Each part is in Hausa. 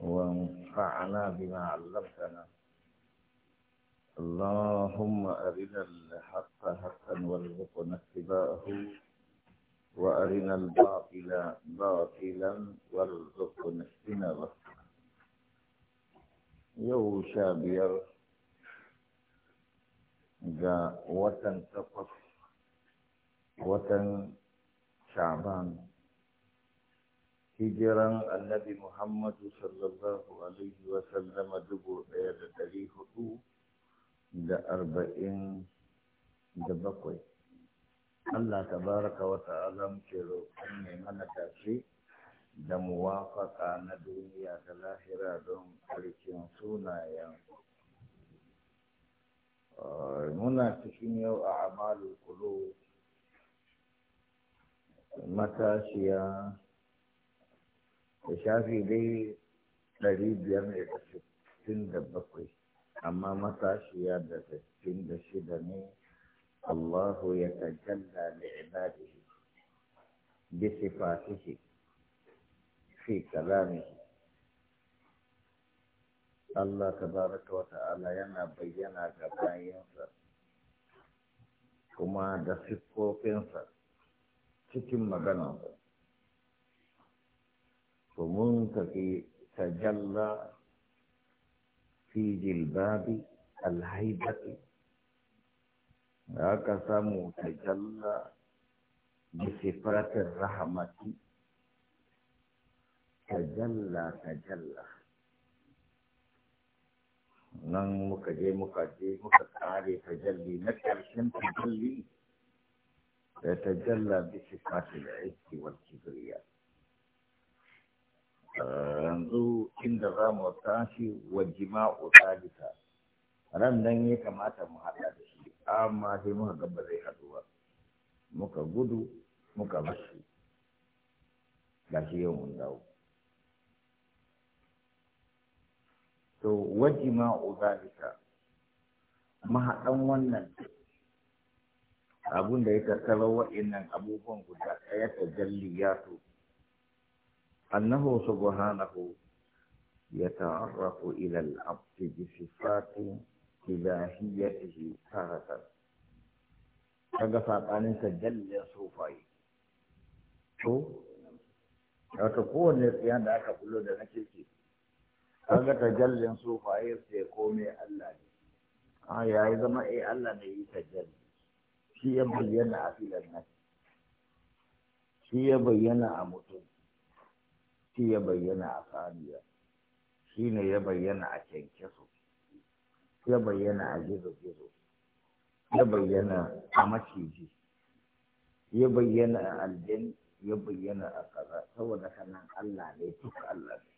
وانفعنا بما علمتنا اللهم أرنا الحق حقا وارزقنا اتباعه وأرنا الباطل باطلا وارزقنا اجتنابه يو شابير جا وتن تقص وتن شعبان hijiran annabi Muhammadu sallallahu Alaihi wa sallama dubu ɗaya da ɗari hudu da arba'in da bakwai. Allah baraka wa ta'ala muke roƙon mai mana tashi da muwafaƙa na duniya da lahira don karshen sunayen. Muna cikin yau a Amalu kulu matashiya da shafi dai ɗari biyar ne da sittin da bakwai amma matashiya da sittin da shida ne Allahu ya tajalla da ibadi bi sifatihi fi kalamihi Allah tabaraka wa ta'ala yana bayyana ga bayansa kuma da siffofinsa cikin maganansa ko mun tafi ta janna fijil babi alhaibati da aka samu ta janna bisi fratin rahamati ta janna ta janna nan muka je muka je muka kare ta janna na karshen ta janna ta janna bisi fratin aiki wasu biriyar yanzu inda za mu tashi wa jima'u sadisa ran nan ya kamata mu haɗa da shi amma sai muka gaba zai haɗu ba muka gudu muka bashi ga shi yau mun dawo to wa jima'u sadisa mahaɗan wannan abun da ya tattara wa'innan abubuwan guda ɗaya ta jalli ya to أنه سبحانه يتعرف إلى العبد بصفات إلهيته تارة kaga saɓanin sa jalle sofai to wato kowane tsiya da aka kullo da na kirki kaga ta jallin sufaye sai kome Allah ne a yayi zama eh Allah ne yi ta jalli shi ya bayyana a filan nan shi ya bayyana a mutum shi ya bayyana a saniya shi ne ya bayyana a kyankyaso ya bayyana a gizo-gizo ya bayyana a maciji ya bayyana a aljani ya bayyana a kaza saboda kanan Allah ne duk Allah ne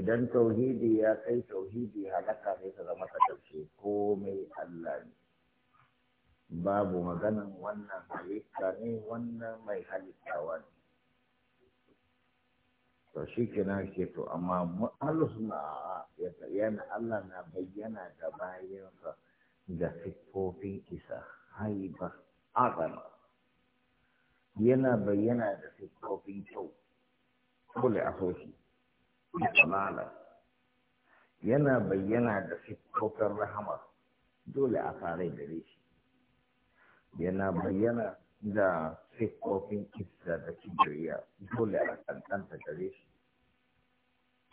idan tauhidi ya kai tauhidi halaka ne ta zama ta ƙarshe komai Allah ne babu maganan wannan halitta ne wannan mai halittawa ne to shi ke nan ke to amma mu'alus na yana Allah na bayyana da bayansa da siffofin isa haiba azama yana bayyana da siffofin kyau kule a soshi kamala yana bayyana da siffofin rahama dole a fara gare shi yana bayyana da siffofin kissa da kibiriya dole a kankanta gare shi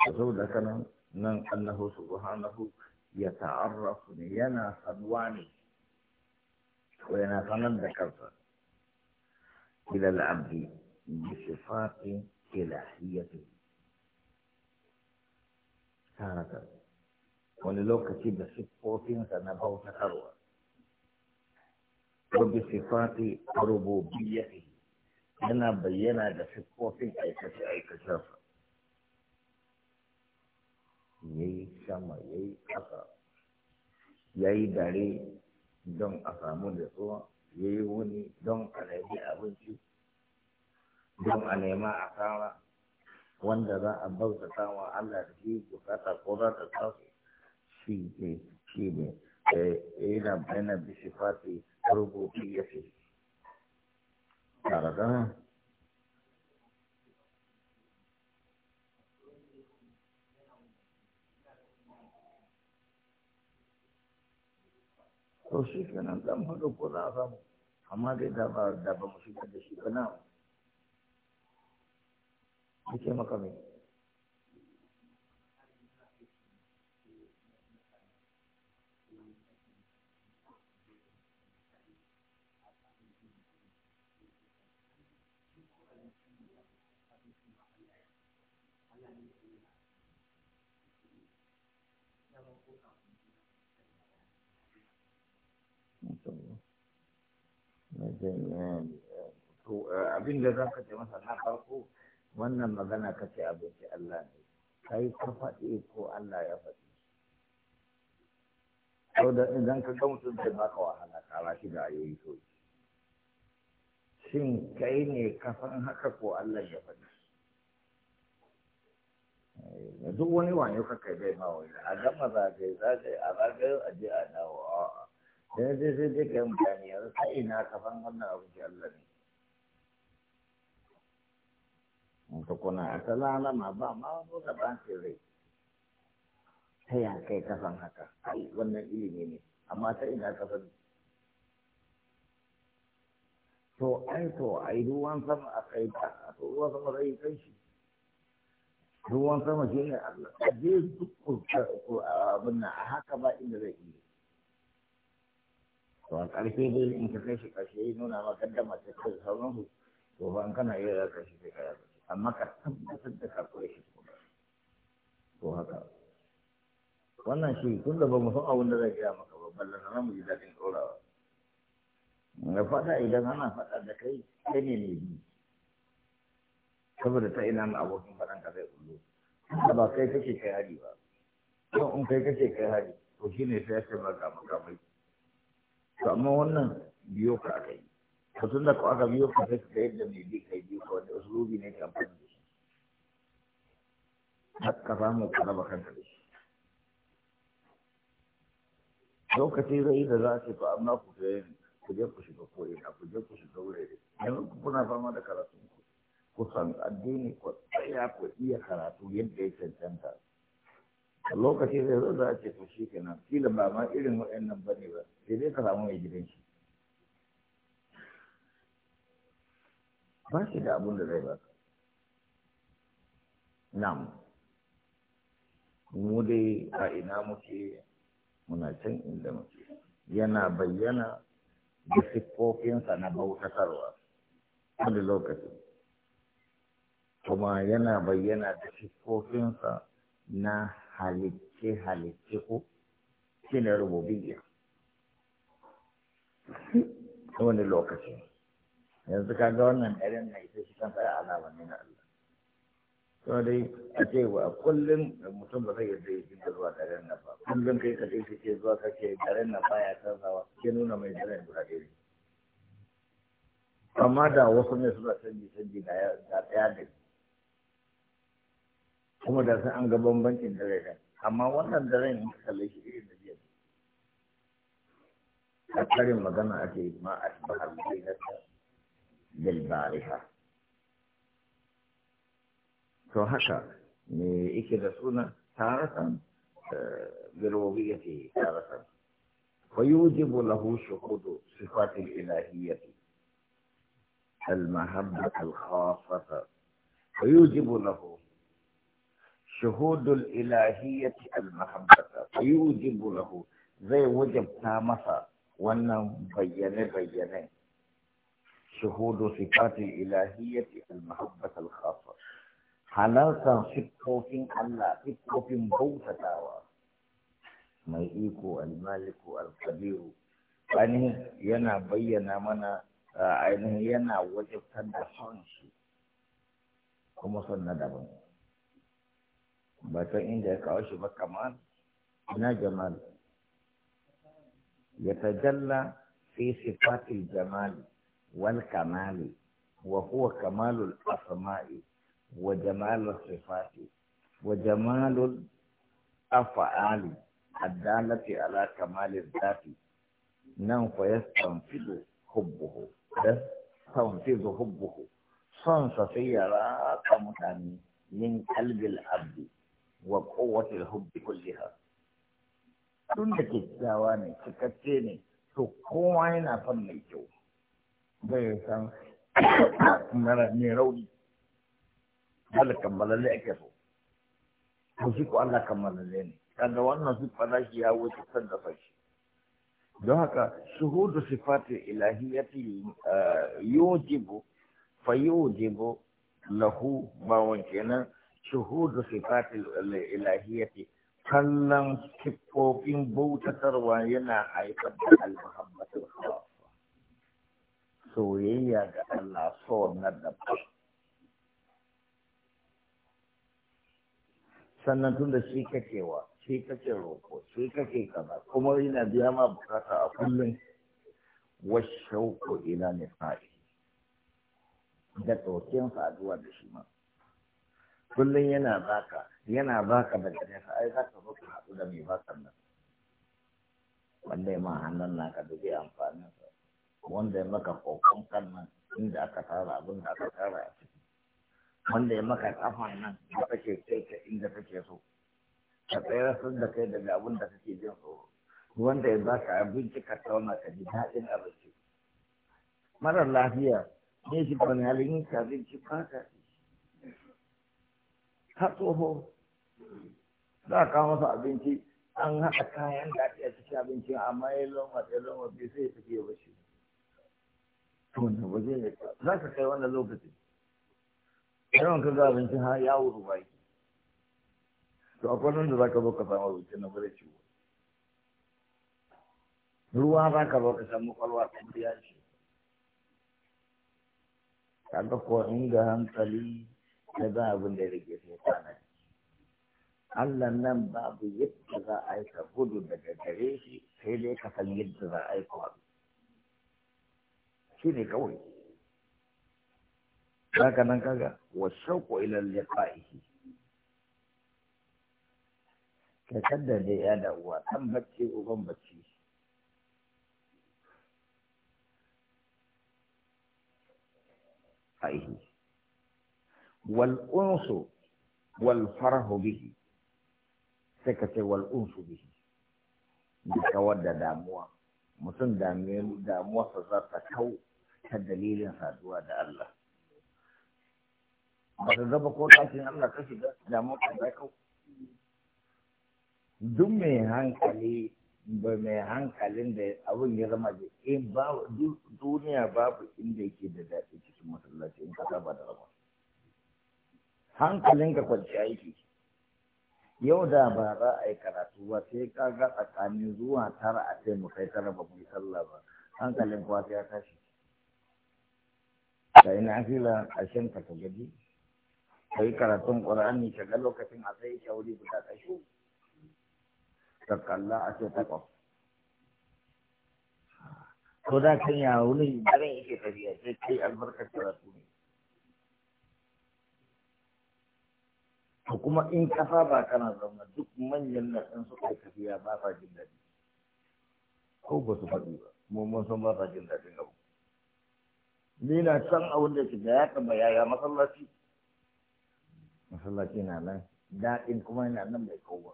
saboda kanan nan annahu subhanahu ya ta'arrafu ne yana sanuwa ne ko yana sanar da kansa ila al'abdi bi sifati ilahiyati taraka wani lokaci da siffofinsa na bautatarwa وبصفات ربوبيته yana bayyana da siffofin aikace aikace yayi sama yayi ƙasa dare don a samu da tsuwa ya wuni don a nemi abinci don a nema a kama wanda za a bauta wa Allah da shi bukata ko za ta taso shi ne shi ne eh, yana bayyana bisifati rububiyyati tare da to shi kenan dan hudu ko za a samu amma dai da ba da ba mu shiga da shi ba na yake maka mai abin da za ka ce masa na farko wannan magana ka ce abinci Allah ne kai ka faɗi ko Allah ya faɗi sau da idan ka ga mutum da baka wahala kara shi da ayoyi so shin kai ne ka san haka ko Allah ya faɗi eh, duk wani wane ka kai bai ma wani a gama zagaye zagaye a zagaye a je a dawo sai dai sai zai kai mutane a zai ta ina kafan wannan abu ke Allah ne ta kuna a talalama ba ma wani da ba ce rai ta ya kai kafan haka ai wannan ilimi ne amma ta ina kafan. to ai to ai ruwan sama a kai ta a ruwan sama zai kai shi ruwan sama shi ne Allah a je duk abin nan a haka ba inda zai iya to a ƙarfe dai in ka kai shi ƙarshe nuna maka da mace kai sauran su to ba in kana iya yaka shi sai ka yaka shi amma ka tabbatar da ka kure shi to haka wannan shi tun da ba mu san abin da zai gaya maka ba ballan na mu ji daɗin ɗorawa na faɗa idan ana faɗa da kai kai ne ne bi saboda ta ina na abokin faɗan ka zai da ba kai kake kai hari ba in kai kake kai hari to shine sai ya ce maka makamai to amma wannan biyo ka aka yi to tun da ko aka biyo ka sai ka yadda mai bi kai biyo ka wanda rubi ne ka amfani da shi har ka samu ka raba kanka da shi lokaci zai da za ce to amma ku ga yin ku je ku shiga ko ina ku je ku shiga wurare yanzu ku kuna fama da karatu ku san addini ko tsaya ku iya karatu yadda ya cancanta lokaci zai zo za a ce to shi kenan kila ba ma irin waɗannan bane ba sai dai ka samu mai gidan shi ba shi da abun da zai ba nam mu dai a ina muke muna can inda muke yana bayyana da siffofinsa na bautatarwa wani lokaci kuma yana bayyana da siffofinsa na halicce halicce ko shi ne rububiyya wani lokaci yanzu ka ga wannan ɗarin na ita shi kan tsaya alama ne na Allah to dai a ce wa kullum mutum ba zai yarda ya jinta zuwa ɗarin na ba kullum kai ka ce ce zuwa kake ɗarin na ba ya canzawa ke nuna mai ɗarin guda ɗaya amma da wasu ne suna canji canji da ya da kuma da sai an ga bambancin dare da amma wannan daren in ka kalle shi irin da jiya a karin magana ake ma asbaha al-lailata bil bariha to haka me yake da suna taratan بربوبيته تارة ويوجب له شهود صفات الإلهية المحبة الخاصة ويوجب له شهود الإلهية المحبة فيوجب له زي وجب تامسا وانا بيّن بيّن شهود صفات الإلهية المحبة الخاصة حلالتا سكوفين الله سكوفين بوسة تاوى ما يقول المالك والقدير فانه يعني ينا bayyana منا ainihin يعني ينا وجب da son shi kuma ba san inda ya kawo shi يتجلى في صفات الجمال والكمال وهو كمال الأسماء وجمال الصفات وجمال الأفعال الدالة على كمال الذات نعم فيستنفذ حبه يستنفذ حبه صنص سيارات متعني من قلب العبد wa kowace hubbi kulliha tun da kyakkyawa ne cikakke ne to kowa yana son mai kyau Zai yi san mara mai rauni dole kammalalle ake so to shi ko Allah kammalalle ne Kada wannan siffa shi ya wuce san da fashi don haka su jibo, fa ilahiyati yujibu fayujibu lahu bawon kenan shuhudu sifatil ilahiyyati kallon siffofin bautatarwa yana haifar da almuhammadul khawfa soyayya so na daban sannan tun da shi kakewa shi kake roƙo shi kake kaza kuma yana biya ma bukata a kullum washauku ila nifa'i da tsokin saduwa da shi ma kullum yana baka yana baka da nesa ai za ka zo ka haɗu da mai baka nan wanda ya ma hannun naka ka zai amfanin sa wanda ya maka kokon kan nan inda aka tara abin da aka tara a ciki wanda ya maka kafan nan da kake kai ka inda kake so ka tsayar sun da kai daga abin da kake jin so wanda ya ka abinci ka tauna ka ji daɗin abinci marar lafiya ne shi ban halin yin abinci fata ka har tsoho za a kawo masa abinci an haɗa kayan daɗi a cikin abincin amma ya loma ya loma bai sai ya tafi ya bashi wannan waje ne za ka kai wannan lokacin yawan ka ga abincin ha ya ba yi. to akwai nan da za ka zo ka samu abincin na bare ciwo ruwa za ka zo ka samu kwalwa ta biya shi ga ko inga hankali sai ba abin da ya rage sai kwana Allah nan babu yadda za a yi ka gudu daga gare shi sai dai ka san yadda za a yi ka shi ne kawai Kaka nan kaga wa shauqu ila liqa'ihi ka kadda da ya da uwa dan bacci uban bacci aihi wal unsu wal farahu bihi sai ka ce wal unsu bihi da kawar da damuwa mutum damuwarsa za ta kau ta dalilin saduwa da Allah ba ta zaba ko tashin Allah ka shiga damuwa ta kau duk mai hankali ba mai hankalin da abin ya zama da in ba duniya babu inda yake da daɗi cikin masallaci in ka saba da rama hankalinka kwanci aiki yau da ba za a yi karatu ba sai ka ga tsakanin zuwa tara a ce mu kai tara ba mu sallah ba hankalin kuwa sai ya tashi ka yi nafila ƙarshen ka ta gaji ka yi karatun ƙur'ani ka ga lokacin a sai wuri guda ƙashu ka kalla a ce ƙwaf ko da kan yawo ne daren yake tafiya sai kai albarkar karatu ne to kuma in kafa ba kana zama duk manyan na su kai tafiya ba sa jin daɗi ko ba su faɗi ba mu mun san ba sa jin daɗin abu ni na san abin da shiga ya taba yaya masallaci masallaci na nan daɗin kuma yana nan bai kawo ba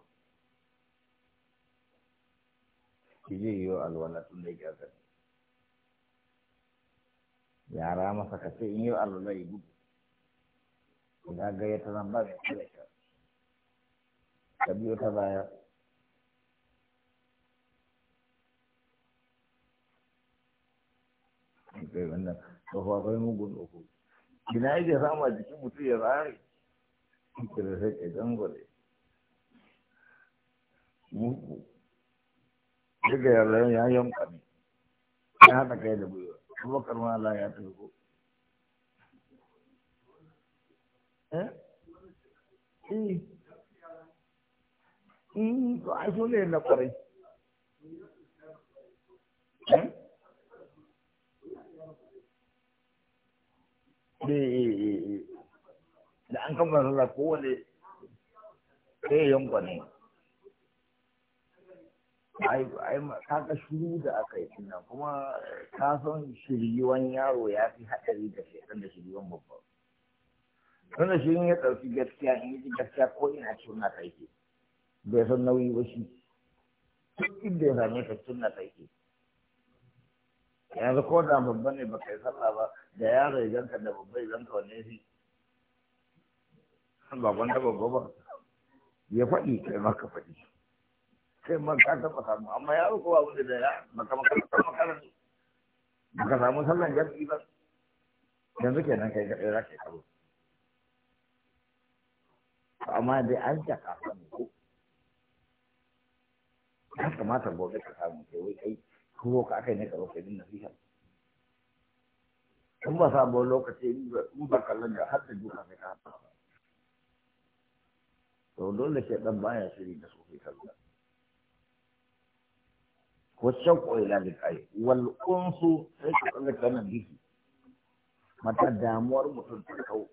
ki je yi wa alwala tun da yake yara masa ka ce in yi alwala ya gudu guda gaya ta zamba mai kula ta ka biyo ta baya kai wannan tsohuwa kai mugun uku ina yake samu jikin mutum ya rari da sai ke dangwale mugu daga yarda ya yanka ne ya haɗa kai da buyo kuma ma Allah ya tafi ko eh in eh. eh, to ai so ne na kwarai eh? da an kafa sallah kowane sai yanka ne ai kaga shuru da aka yi tunan kuma ka san shiriwan yaro ya fi haɗari da shi, shaidan da shiriwan babba wannan shi ya ɗauki gaskiya in yi gaskiya ko ina suna tsaiki bai san nauyi ba shi duk inda ya same ka suna tsaiki yanzu ko da babba ne ba kai sallah ba da yaro ya ganka da babba ya ganka wanne shi ba wanda babba ba ya faɗi kai ma ka faɗi kai ma ka taɓa samu amma yaro ko abin da ya maka makarantar makarantar ka samu sallan jami'i ba yanzu kenan kai kaɗai za ka yi karo amma dai an ta ka ne ko ya kamata gobe ka samu sai wai kai ko ka kai ne ka roƙe din nasiha in ba sa bo lokaci in ba kallon da har da duka sai ka ba. to dole ke dan baya shiri da su sai kalla ko ko ila da kai wal unsu sai ka kalla kana biki mata damuwar mutum ta kawo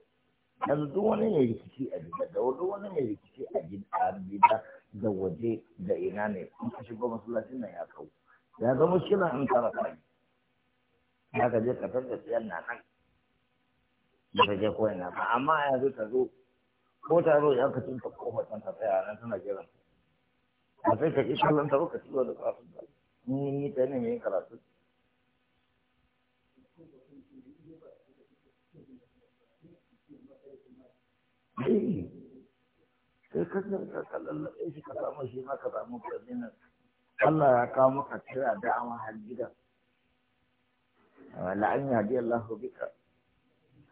yanzu wani mai rikici a gida da wani wani mai rikici a gida da waje da ina ne in ka shiga masallacin nan ya kawo ya zama shirin an kara kai ya ka je ka da yan na nan da ta je ko ina ba amma ya zo ta zo ko ta zo ya ka cinta kofar ta tsaya nan tana jiran a sai ka ƙi kallon ta ba ka ciwo da kafin ta ni ta ne mai karatu eh sai ka ka kallon shi ka samu shi ma ka samu kazinin Allah ya kawo maka kira da amma har gidan wala an yadi Allah bika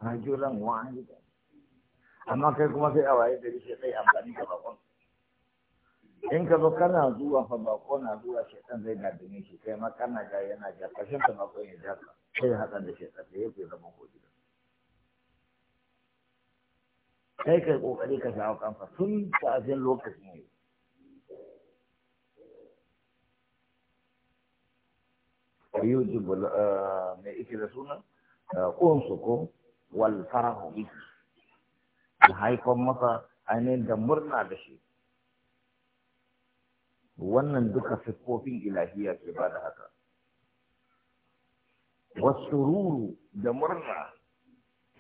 rajulan wahida amma kai kuma sai a waye gari sai sai amfani da bakon in ka zo kana zuwa fa bako na zuwa shaitan zai na dame shi kai ma kana ga yana ja kashin ta bakon ya ja sai hakan da shaitan da yake zama ko gida kai kai kokari ka shawo kanka tun kafin lokacin kun su ko wal farahu والفرح به haifan masa ainihin da murna da shi wannan duka siffofin ilahiya ke ba da haka wasu ruru da murna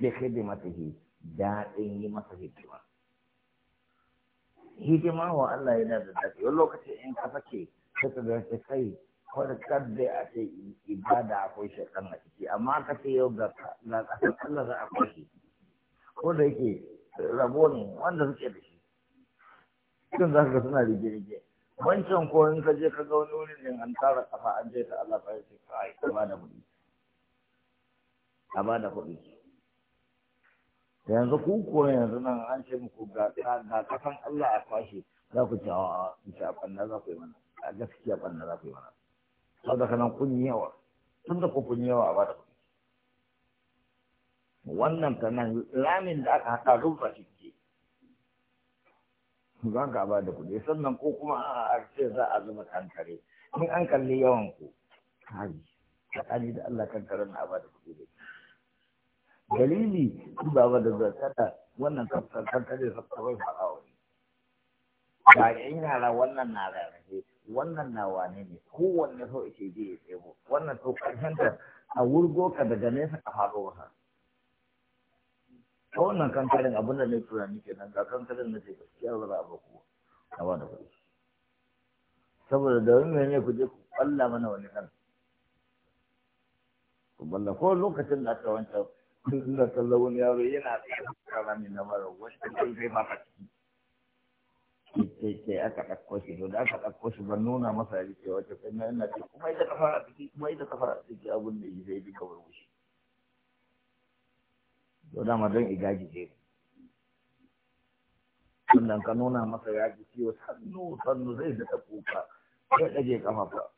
da hidimatihi daɗin yi masa hidima hidima wa Allah yana da daɗi wani lokaci in ka sake sai ka ga kai kawai kadda a ce ibada akwai shaitan a ciki amma ka ce yau ga ƙasar Allah za a kwashe ko da yake rabo ne wanda suke da shi cikin za ka suna rige-rige wancan ko in ka je ka ga wani wurin din an tara kafa an je ta Allah fa ya ka a ba da kuɗi a ba da kuɗi yanzu ku ko yanzu nan an ce muku ga ga kasan Allah a kwashe za ku ci a ci za ku yi mana a gaskiya banna za ku yi mana saboda kana kun yi yawa tun da ku kun yi yawa ba da ku wannan ta nan lamin da aka haɗa rufa shi ke za ka ba da kuɗi sannan ko kuma a ce za a zama kankare in an kalli yawan ku kai tsakani da Allah kankaren na ba da kuɗi dalili ba ba da zakata wannan kafkanta ne sakkabai faɗa wani ya yi yara wannan na rarrafe wannan na wane ne kowanne so ce je ya tsebo wannan to karshen ta a wurgo ka daga nesa ka faɗo masa ta wannan kankarin abin da ne tunani kenan ga kankarin na ce gaskiya ba a ba ku na ba da kuɗi saboda da wani ne ku je ku kwalla mana wani kan ku balla ko lokacin da aka wancan sun da kalla wani yaro yana tsaye kara ne na mara wani kai zai maka ciki sai sai aka ɗakko shi to da aka ɗakko shi ban nuna masa ya ce wata kai na yana ce kuma ita kafa a ciki kuma ita kafa a ciki abin da yi sai bi kawar wuce to dama don igaji ne sannan ka nuna masa ya ji ciwo sannu sannu zai da kuka kai ɗage kafa fa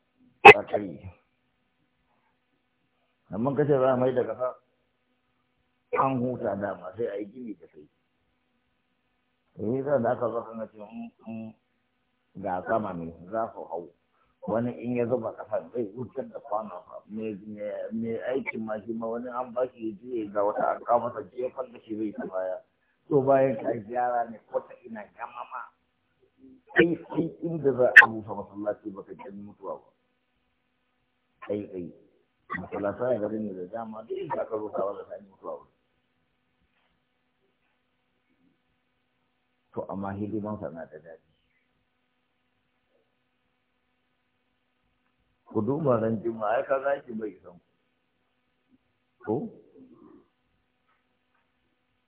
ta kai amma kace za a mai da kafa an huta dama sai a yi gini da kai yi zan da aka zaka na cikin ga sama ne za su hau wani in ya zuba kasan zai wutar da kwanon mai aikin ma shi ma wani an ba shi juye ga wata an kawo masa jefan da shi zai ta baya to bayan ka ziyara ne ta ina gamama kai sai inda za a rufe masallaci baka gani mutuwa ba kai kai masallaci ya ne da dama duk ka aka rufe wanda ta mutuwa ba to amma hidimansa na da daɗi ku duba ran juma'a ya ka zaki bai san ku. ko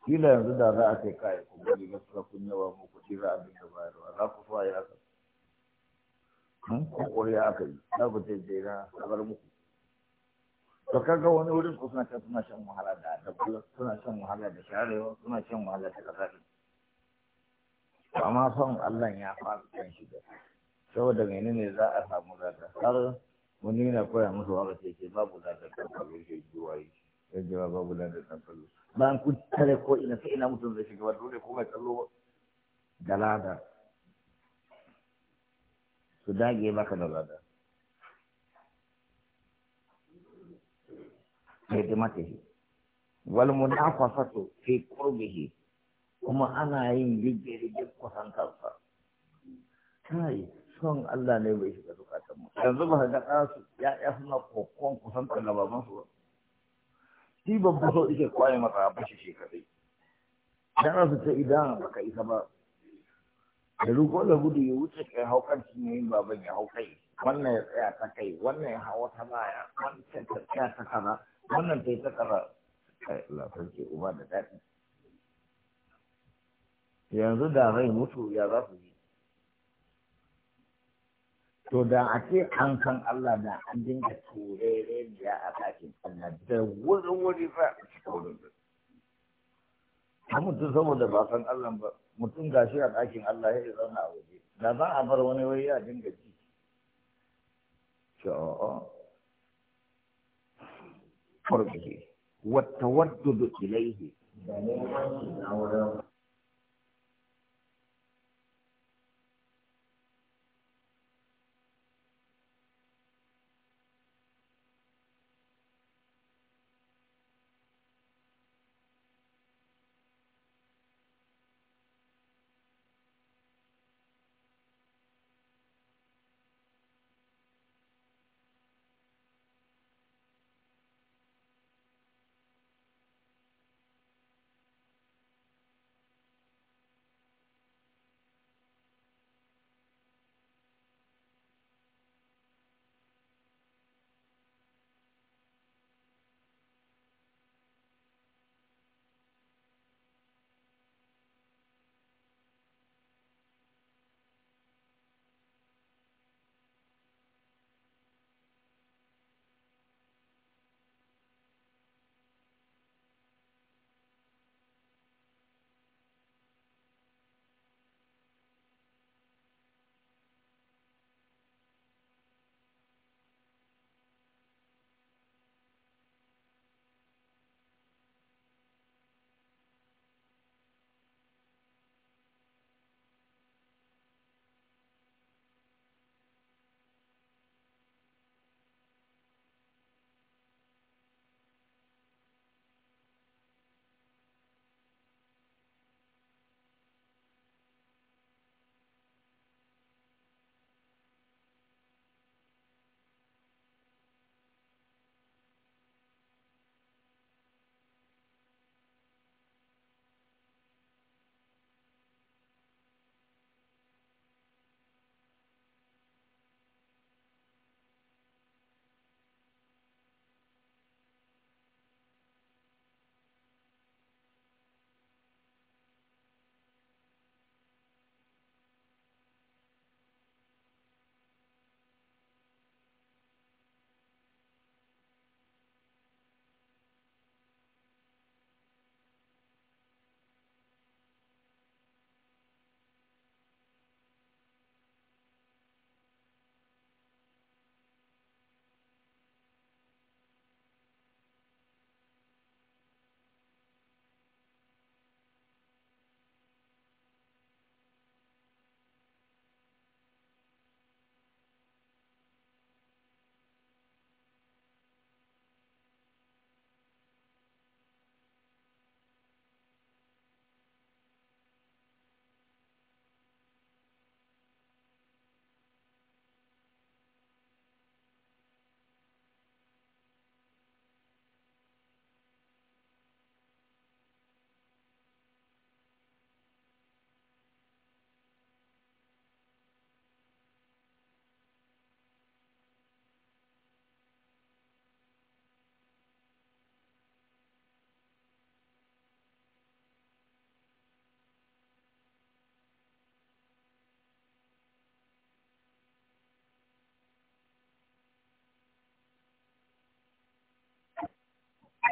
kila yanzu da za a kai kai ku gudu na suka kun yawa mu ku tira abin da bayarwa za ku so a yi haka ko ƙwarya aka yi za ku je a bar muku to kaga wani wurin ku suna can suna shan wahala da da suna shan wahala da sharewa suna shan wahala da kazaɗi amma son Allah ya fara kan shi da saboda menene za a samu lada har Mun nuna koya musu wa ce ce babu lada kan kallo shi zuwa yi ya jawa babu lada kan kallo ba an tare ko ina sai ina mutum zai shiga ba dole ko mai kallo da lada su dage maka da lada shi wal munafasatu fi qurbihi kuma ana yin kusan kansa. kai son Allah ne bai shiga zukatan mu yanzu ba ga ya ya suna kokon kusantar ba babansu ba shi babba so ike kwaye masa ba shi kadai dan su ce idan baka isa ba da ruko da gudu ya wuce kai haukan shi ne baban ya haukai wannan ya tsaya ta kai wannan ya hawa ta baya wannan ta tsaya ta kana wannan ta yi ta kaza kai uba da daɗi yanzu da rai mutu ya za su yi to da a ce an san Allah da an dinga turere ya a ɗakin Allah da wuri wuri fa a cikin wurin da mutu saboda ba san Allah ba mutum shi a ɗakin Allah ya zauna a waje da za a bar wani wai ya dinga ci sha'a farbihi wata da ilaihi da neman shi na wurin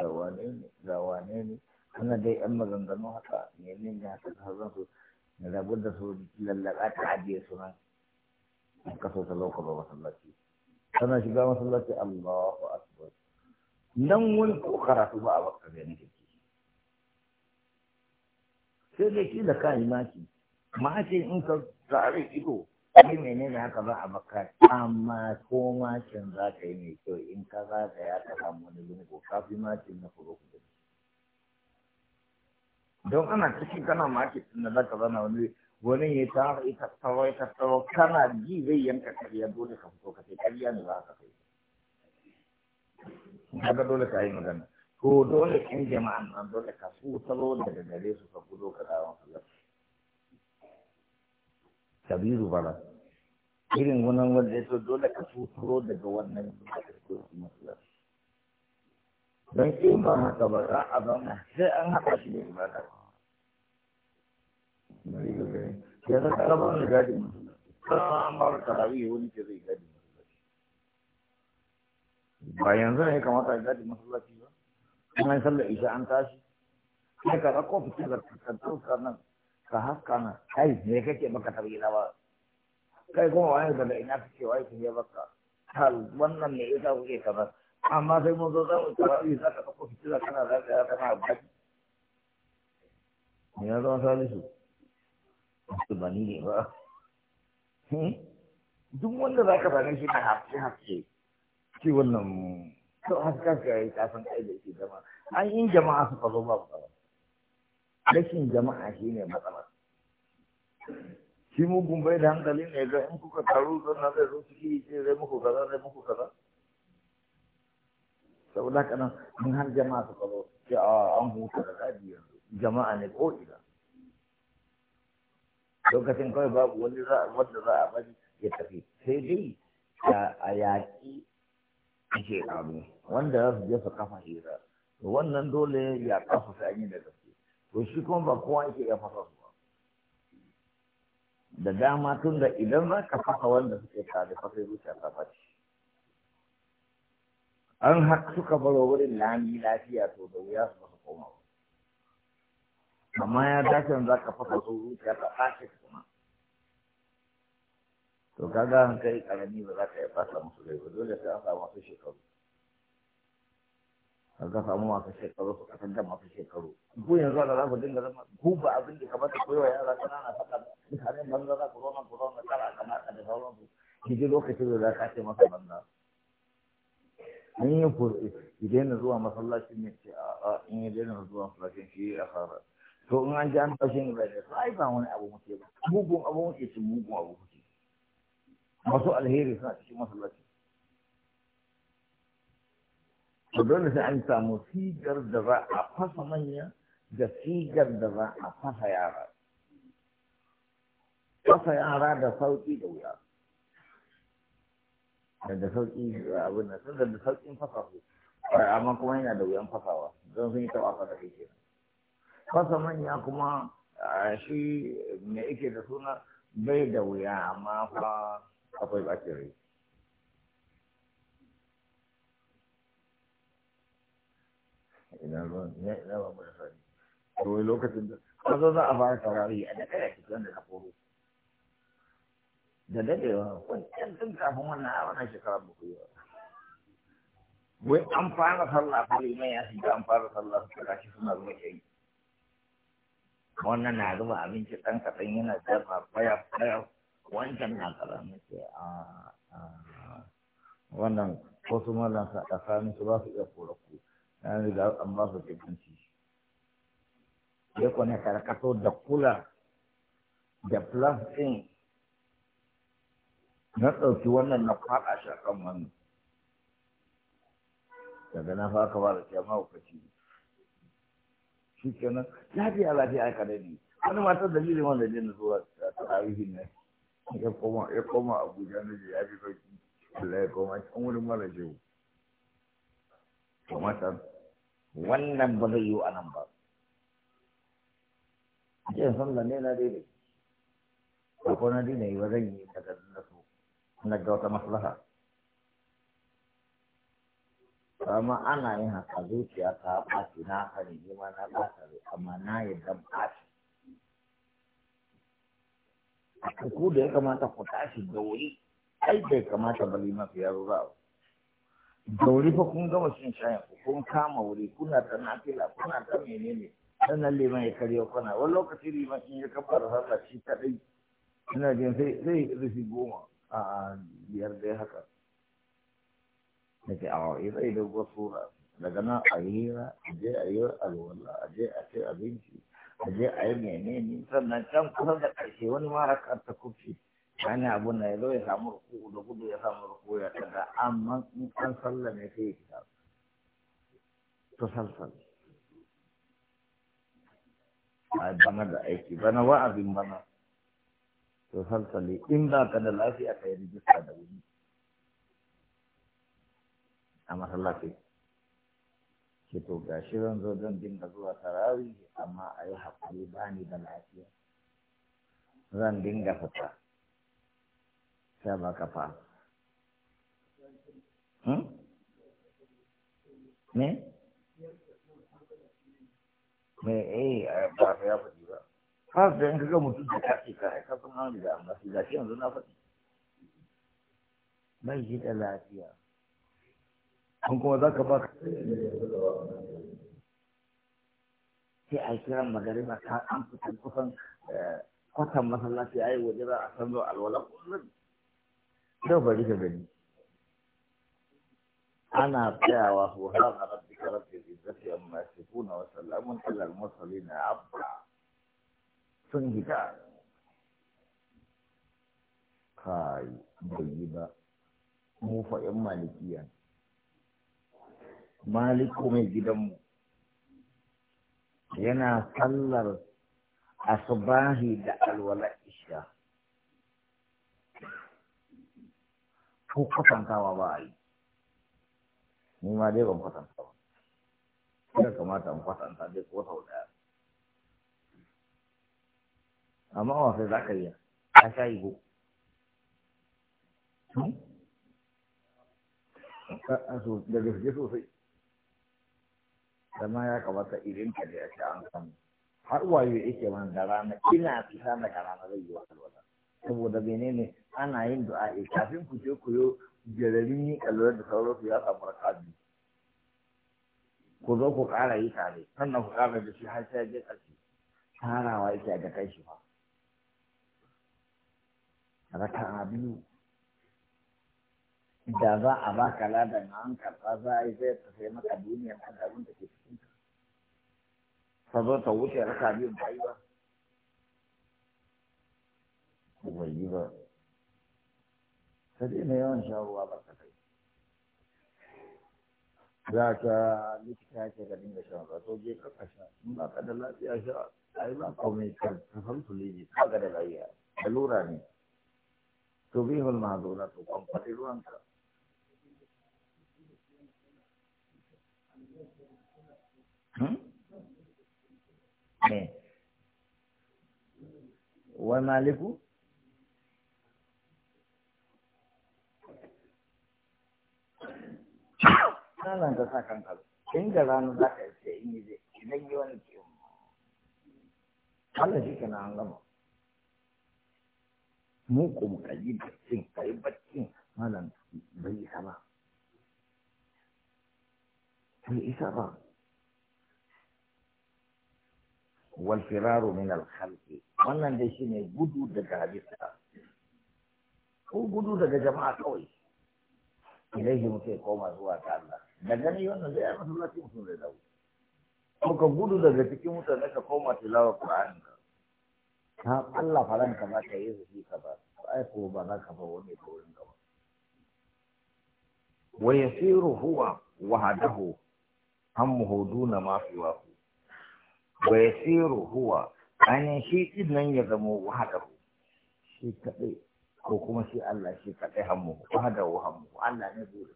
da wane ne da wane ne ana dai yan maganganu haka ne ne haka da sauran su na rabu da su lallaka ta ajiye su nan an kaso ta lauka ba masallaci tana shiga masallaci Allahu akbar nan wani ko karatu ba a baka gani take sai dai kila ka yi maki maki in ka tsare ido Ni mene ne haka ba a baka amma ko macin za ka yi mai kyau in ka za ka ya ka samu wani lungu kafin macin na kuro kudu. Don ana cikin kana maki da za ka zana wani wani ya ta ita tsaro ita tsaro kana ji zai yanka karya dole ka fito ka sai karya ne za ka kai. Kaga dole ka yi magana. To dole kan jama'an nan dole ka su salo daga gare su ka gudo ka gawan Allah. kabiru bana irin wannan wanda ya so dole ka tuturo daga wannan don ke ba haka ba za a zauna sai an haka shi ne ibada ya zaka gadi an ba wani ke zai gadi ba yanzu ne kamata a gadi masallaci ba kuma sallar isha an tashi sai ka rako nan ka haska na kai me kake baka na ba kai kuma wani da ina kake wai ki ya baka hal wannan ne ita kuke kaza amma sai mun zo za mu tsara yi za ka ɗauko da kana za ka kana ba me ya zama salisu su bani ne ba hmm? duk wanda za ka same shi na haske haske shi wannan to haska ka yi kasan kai da ke zama an yi jama'a suka zo ba ba rashin jama'a shi ne matsala shi mugun bai da hankali ne ga in kuka taru na zai zo ciki ce zai muku kaza zai muku kaza saboda haka nan in har jama'a su zo ce a an huta da gadi yanzu jama'a ne ko ina lokacin kawai babu wani wanda za a bari ya tafi sai dai a yaƙi ake ƙaru wanda za su je su kafa hira wannan dole ya kafa sai an yi daga to shi kuma ba kowa yake iya fasa su ba da dama tun da idan za ka fasa wanda suke tare fasa zuciya ta fashi an haka suka baro wurin lami lafiya to da wuya su fasa koma ba amma ya dace za ka fasa su zuciya ta fashi kuma to kaga an kai karami ba za ka iya fasa musu rai ba dole sai an samu wasu shekaru ka samu maka shekaru ka kasar da maka shekaru ku yanzu da za ku dinga zama ku ba abin da kamata ku yi wa yara ƙanana faɗa mutane banza za ku zama ku zama tsara kamata da sauransu ki ji lokacin da za ka ce masa banza an yi furɗi ki daina zuwa masallacin ne ce a in yi daina zuwa masallacin shi ya fara to in an ji an tashi ne bai da su ai ba wani abu muke ba mugun abu muke ce mugun abu muke masu alheri suna cikin masallaci to dole sai an samu sigar da za a fasa manya da sigar da za a fasa yara fasa yara da sauƙi da wuya da sauƙi abin da sun da sauƙin fasa su amma kuma yana da wuyan fasawa don sun yi taɓa fasa kai kenan fasa manya kuma shi ne yake da suna bai da wuya amma fa akwai ɓacin rai ina ruwan ina ba mu da sani to da ka a fara da da na koro da dadewa wancan kafin wannan a wannan shekarar ba ku yi ba wai an fara sallah mai ya an fara sallah su shi suna zuwa shayi wannan na zuba abinci ɗan kaɗan yana jarra faya faya wancan na ce a ah, ah, wannan wasu mallan sa tsakanin su ba su iya kora ku an riga an ba su kimanci ya kone karkato da kula da plus ɗin na ɗauki wannan na faɗa shi a kan wani daga na faka ba da ce mahaukaci shi kenan lafiya lafiya aka dani wani matar dalilin wanda ne na zuwa tarihi ne ya koma ya koma abuja na je ya fi sauki Allah ya koma can wurin mara shehu to matar wannan ba zai yiwu a nan ba jin da ne na daidai ko na dina yi ba zan yi daga na na ga wata maslaha Sama ana yin haka zuciya ta ɓaci na kare ne ma na ɓata amma na yadda ɓaci Kuku da ya kamata ku tashi da wuri kai bai kamata bali mafi yaro ba da wuri fa kun gama cin shayin kun kama wuri kuna ta nafila kuna ta menene sannan liman ya karya kuna wani lokaci liman in ya kafa da sallah shi kadai ina jin sai sai rufi goma a biyar dai haka nake a ya zai dogon sura daga nan a yi hira a je a yi alwala a je a ce abinci a je a yi menene sannan can kusa da ƙarshe wani mara ta kufi wani abun na ya zo ya samu ruku da gudu ya samu ruku ya tada amma in an sallame sai ya to salsal a bana da aiki bana abin bana to salsali in ba ka da lafiya ka yi rijista da wuri a masallaci ke to gashi zan zo zan dinga zuwa tarawih amma a yi haƙuri ba ni da lafiya zan dinga fita sai ba ka hmm? me me eh ba ya faɗi ba da yanka mutum da ka haika sun hannu da amma su gashi yanzu na faɗi bai ji da lafiya kun kuma za ka ba ka sai a kira magariba ta an kusan eh, kwatan masallaci a yi wajen a san zo yau bari ka gani ana tsayawa su a rabbi ka rabbi izzati amma alamun wa sallamun alal mursalin abba sun hita kai bai yi ba mu fa yan malikiya maliku mai gidanmu yana sallar asubahi da alwala isha ko kwatantawa ba a yi ni ma dai ban kwatanta ba ya kamata in kwatanta dai ko sau daya amma wasu za ka yi a sha yi hmm? da gaske sosai zama ya kamata irin ka da ya sha an samu har wayo yake man da rana ina fita daga rana zai yi wa wata saboda ne ana yin du'a'i kafin ku je ku yo jararin yi kalwar da sauransu ya samu rakabi ku zo ku ƙara yi tare sannan ku ƙara da shi har sai je ƙarshe tarawa yake da kai shi fa raka'a biyu da za a ba ka lada an karɓa za a yi zai tafi maka duniya da abin da ke cikin ka zo ta wuce raka biyu ba yi ba bai ba sai na yawan shan ruwa za ka likita ya ce ka dinga shan to je ka kasha in ba ka da lafiya sha ai ba ka da lafiya lura ne to bi hul to kan fadi ruwan ka hmm? nan ka sa kanka in da ranar za ka yi sai in yi zai idan yi wani ciwon Allah shi kana an gama mu ko mu kaji baccin kai baccin malam bai isa ba bai isa ba wal firaru min al khalqi wannan dai shine gudu daga halitta ko gudu daga jama'a kawai ilaihi muke koma zuwa ta Allah da gani wannan zai yi masallaci musu zai dawo ko ka gudu daga cikin mutane ka koma tilawa Qur'ani ka ka Allah faran ka ba ka yi zuci ka ba ai ko ba za ka ba wani ko wani gaba. ba wa yasiru huwa wahdahu hammuhu duna ma fi wahu wa yasiru huwa an shi din nan ya zama wahdahu shi kadai ko kuma shi Allah shi kadai hammuhu wahdahu hammuhu Allah ne burin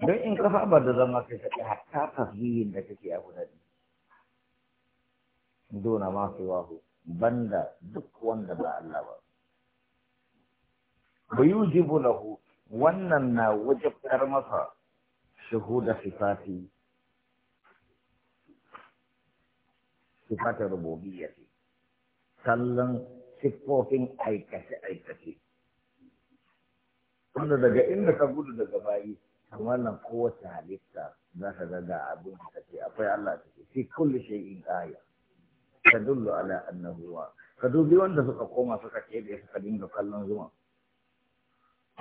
don in ka ba da zama kai kaɗai hatta tasbihin da kake a guda dona ma su wahu banda duk wanda ba Allah ba ba yujibu lahu wannan na wajabtar masa da sifati sifatar ce sallan siffofin aikace-aikace wanda daga inda ka gudu daga bayi wannan kowace halitta za ka ga ga abin da kake akwai Allah take fi kulli shay'in aya tadullu ala annahu wa ka dubi wanda suka koma suka ce da suka dinga kallon zuma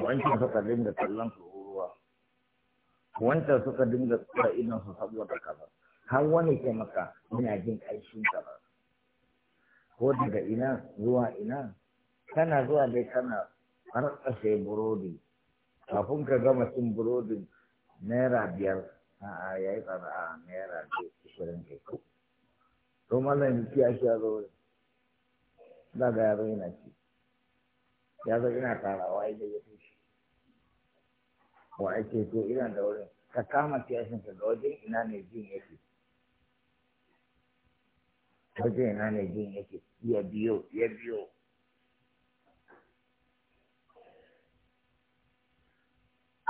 wancan suka dinga kallon ruwa wancan suka dinga tsara idan su saboda kaza har wani ke maka ina jin ƙarshen kaza ko daga ina zuwa ina kana zuwa dai kana har burodi kafin ka gama cin burodin naira biyar a ya yi tsara a naira ashirin kai to mallam biki ya a zo da ga yaro yana ci ya zo ina tarawa ya ya fi shi wa ake to ina da wurin ka kama kiyashin ka ga wajen ina ne jin yake wajen ina ne jin yake ya biyo ya biyo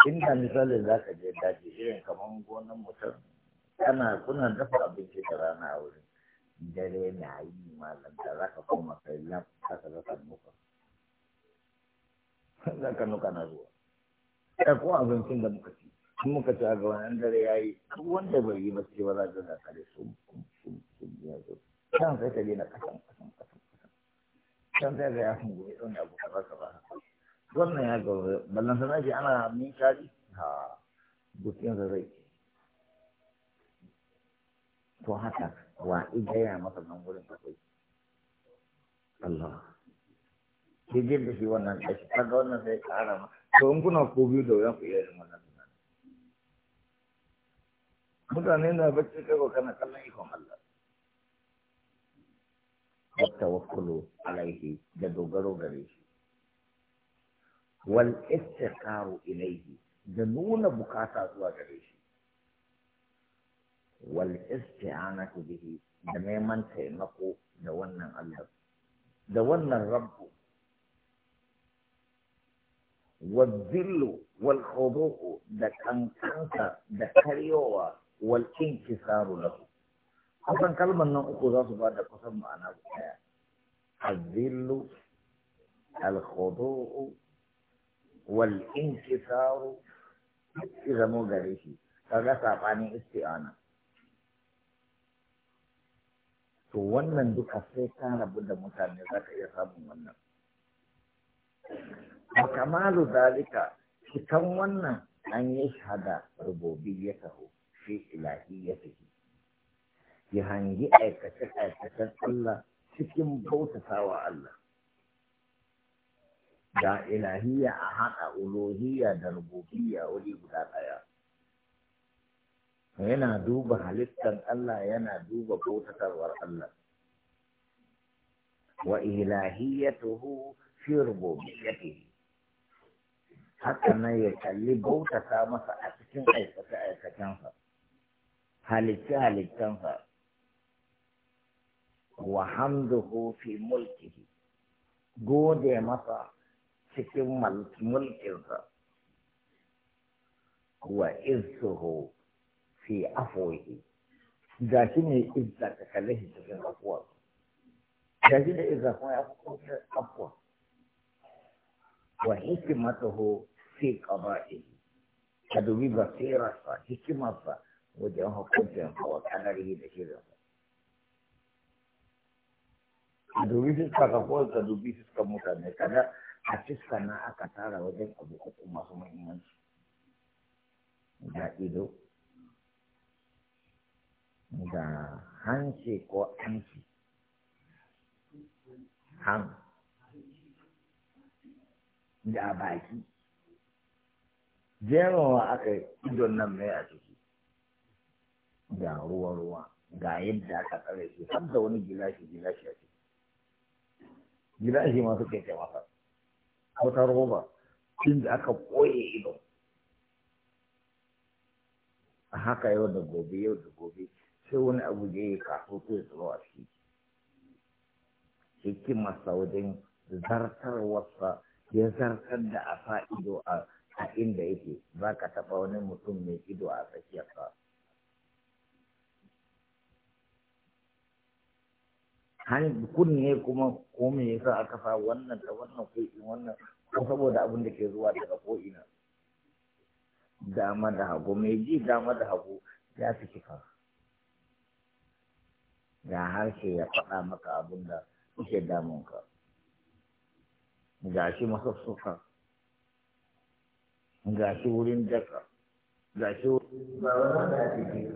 inda misalin za ka je daji irin kamar gonan mutum kana kuna dafa abinci da rana a wurin dare na yi malam da za ka koma kai lab za ka zaka nuka za ka nuka na ruwa ya ko abincin da muka ci in muka ci a ga wani dare ya yi duk wanda bai yi ba sai ba za ka ga kare su sun sun ya zo kan sai ka je na kasan kasan kasan kasan sai ga ya sun ya zauna abu kaza kaza wannan ya gauru ballan sana ji ana min kaji ha da zai to haka wa ya masa nan gurin kai Allah ke jin da shi wannan ɗashi ga wannan sai ƙara ma to in kuna ko biyu da wuyan ku iya yin wannan tunani mutane na bacci kai ko kana kallon ikon Allah wata wakulu alaihi da dogaro gare shi والافتقار اليه دنون بكاتات وغريشي والاستعانة به دميمان تيمقو دونا الله دونا الرب والذل والخضوع دكان كانتا دكاريوا والانكسار له أصلا كلمة نقول ذا سبحانه قسم معنا الذل الخضوع wal inkisaru ya zamo gare shi kaga saɓanin isti'ana to wannan duka sai ta rabu da mutane za ka iya samun wannan a kamalu dalika cikan wannan an yi shahada rububi ya taho fi ilahi ya tafi yi hangi aikace-aikacen Allah cikin bautatawa Allah da ilahiyya a haɗa uluhiyya da rububiyya wuri guda ɗaya yana duba halittar Allah yana duba bautatarwar Allah wa ilahiyyatuhu fi rububiyyatihi haka nan ya kalli bautata masa a cikin aikace aikacensa halicce halittansa wa hamduhu fi mulkihi gode masa cikin mulkinsa wa izzuhu fi afwihi ga shi ne izza ka kalle shi cikin afuwa ga shi ne izza kuma ya kusa afuwa wa hikimatuhu fi qada'ihi ka dubi basirarsa hikimarsa wajen hukuncin hawa kanarihi da shirinsa ka dubi fiska ka ko ka dubi fiskan mutane kada a fiska na aka tara wajen abu uku masu muhimmanci da ido da hanci ko hanci han da baki jerowa aka yi idon nan mai a ciki Da ruwa-ruwa ga yadda aka tsare shi har da wani gilashi gilashi a ciki gilashi masu keke masa wata roba da aka koye ido a haka yau da gobe yau da gobe sai wani abu da ya kaso ko ya tsoro a ciki masa wajen wasa ya zartar da a sa ido a inda yake za ka taɓa wani mutum mai ido a sa hanyar kunne kuma ko me yasa aka sa wannan da wannan ko in wannan ko saboda abin da ke zuwa daga ko ina dama da hagu mai ji dama da hagu ya fi kifa ga harshe ya faɗa maka abin da yake damunka ga shi masassuka ga shi wurin daka ga shi wurin ba da ake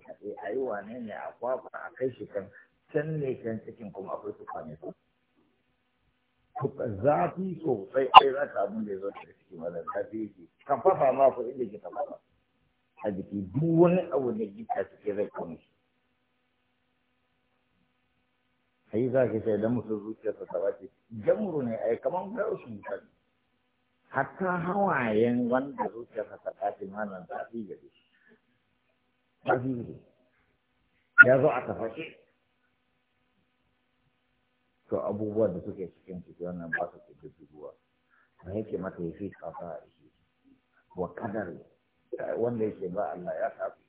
haɗe a yi wane ne a kwafa a kai shi kan can ne can cikin kuma akwai tufa ne su zafi sosai sai za ka abin da ya zo da ciki mana zafi yake kan fafa ma ko inda ke ba. a jiki duk wani abu ne gita suke zai kama shi A yi za ka sai da musu zuciyarsa ta bace jamuru ne a yi kamar gausu mutane hatta hawayen wanda zuciyarsa ta bace ma nan zafi gare shi azizi ya zo a tafashe to abubuwan da suke cikin ciki wannan ba su cikin dubuwa da yake mata ya fi kafa a shi wa kadar wanda yake ba Allah ya tafi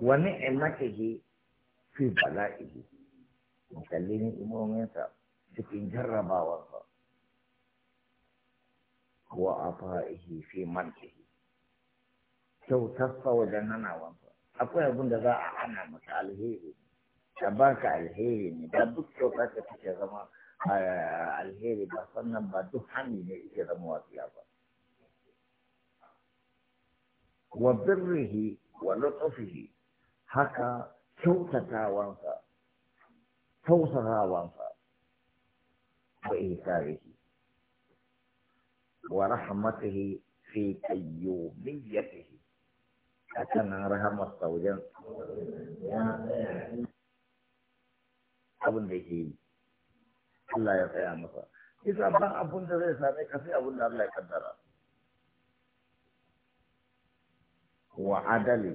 wani ke fi mu bala'ihi mutallin imominsa cikin jarrabawarsa wa afa'ihi fi mantihi kyautarsa wajen nanawansa akwai abin da za a ana masa alheri ba ka alheri ne ba duk kyautar da take zama alheri ba sannan ba duk hannu ne ita zama wasiya ba wa birrihi wa lutfihi haka kyautatawansa tausasawansa wa isarihi wa rahmatihi fi ayyubiyatihi haka nan rahamar saujan abin da yake yi Allah ya tsaya masa isa ban abin da zai same ka sai abin da Allah ya kaddara wa adali